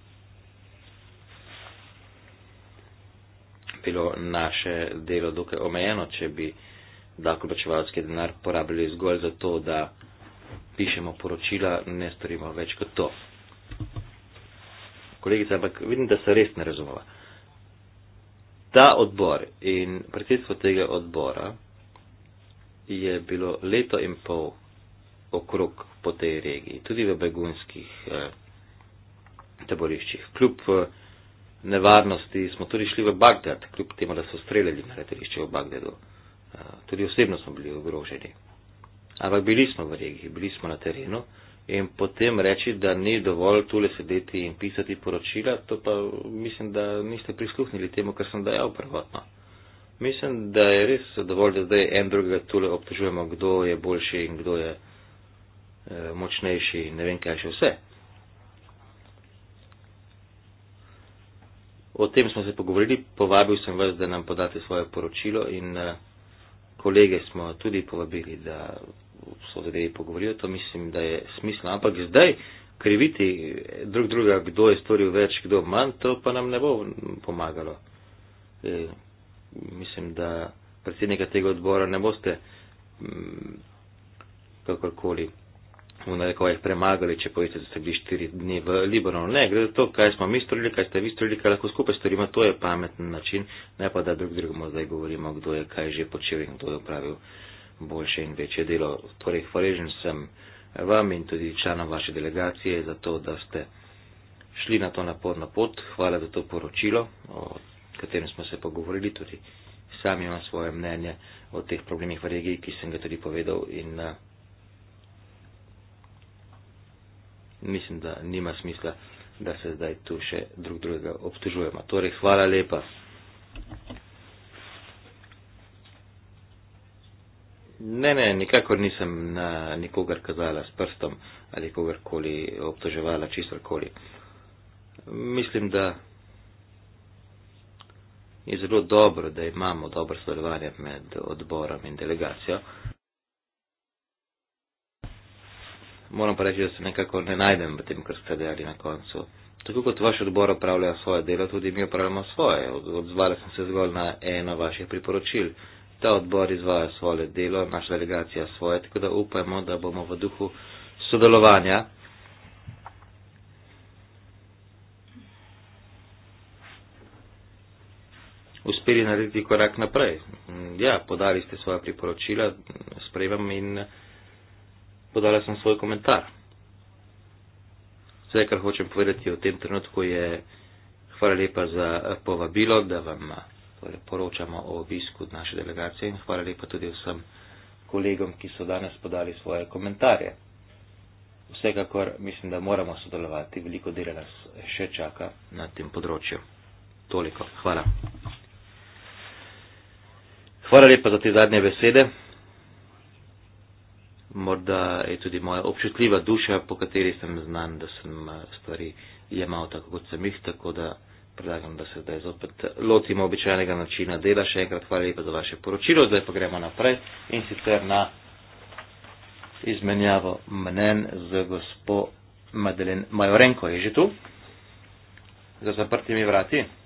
bilo naše delo dokaj omejeno, če bi davkoplačevalski denar porabili zgolj za to, da pišemo poročila, ne storimo več kot to. Kolegica, ampak vidim, da se res ne razumeva. Ta odbor in predsedstvo tega odbora je bilo leto in pol okrog po tej regiji, tudi v begunskih eh, taboriščih. Kljub eh, nevarnosti smo tudi šli v Bagdad, kljub temu, da so streljali na letališče v Bagdadu. Eh, tudi osebno smo bili ogroženi. Ampak bili smo v regiji, bili smo na terenu in potem reči, da ni dovolj tule sedeti in pisati poročila, to pa mislim, da niste prisluhnili temu, kar sem dajal prvotno. Mislim, da je res dovolj, da zdaj en drugega tule obtožujemo, kdo je boljši in kdo je. Eh, močnejši in ne vem kaj še vse. O tem smo se pogovorili, povabil sem vas, da nam podate svoje poročilo in eh, kolege smo tudi povabili, da so zadevi pogovorili. To mislim, da je smisla. Ampak zdaj kriviti eh, drug druga, kdo je storil več, kdo manj, to pa nam ne bo pomagalo. E, mislim, da predsednika tega odbora ne boste mm, kakorkoli v narekovajih premagali, če poveste, da ste bili štiri dni v Libanonu. Ne, gre za to, kaj smo mi storili, kaj ste vi storili, kaj lahko skupaj storimo. To je pameten način, ne pa da drug drugemu zdaj govorimo, kdo je kaj že počel in kdo je upravil boljše in večje delo. Torej, hvaležen sem vam in tudi članom vaše delegacije za to, da ste šli na to naporno pot. Hvala za to poročilo, o katerem smo se pogovorili tudi. Sam imam svoje mnenje o teh problemih v regiji, ki sem ga tudi povedal. In, uh, mislim, da nima smisla, da se zdaj tu še drug drugega obtožujemo. Torej, hvala lepa. Ne, ne, nikakor nisem na nikogar kazala s prstom ali kogarkoli obtoževala čistorkoli. Mislim, da je zelo dobro, da imamo dobro sodelovanje med odborom in delegacijo. moram pa reči, da se nekako ne najdem v tem, kar ste dejali na koncu. Tako kot vaš odbor opravlja svoje delo, tudi mi opravljamo svoje. Odzvala sem se zgolj na eno vaših priporočil. Ta odbor izvaja svoje delo, naša delegacija svoje, tako da upajmo, da bomo v duhu sodelovanja. Uspeli narediti korak naprej. Ja, podali ste svoje priporočila, sprejemam in podala sem svoj komentar. Vse, kar hočem povedati v tem trenutku, je hvala lepa za eh, povabilo, da vam eh, torej, poročamo o obisku naše delegacije in hvala lepa tudi vsem kolegom, ki so danes podali svoje komentarje. Vsekakor mislim, da moramo sodelovati, veliko dela nas še čaka na tem področju. Toliko. Hvala. Hvala lepa za te zadnje besede morda je tudi moja občutljiva duša, po kateri sem znan, da sem eh, stvari jemal tako, kot sem jih, tako da predlagam, da se zdaj zopet lotimo običajnega načina dela. Še enkrat hvala lepa za vaše poročilo, zdaj pa gremo naprej in sicer na izmenjavo mnen z gospod Madeleine Majorenko. Je že tu? Za zaprtimi vrati?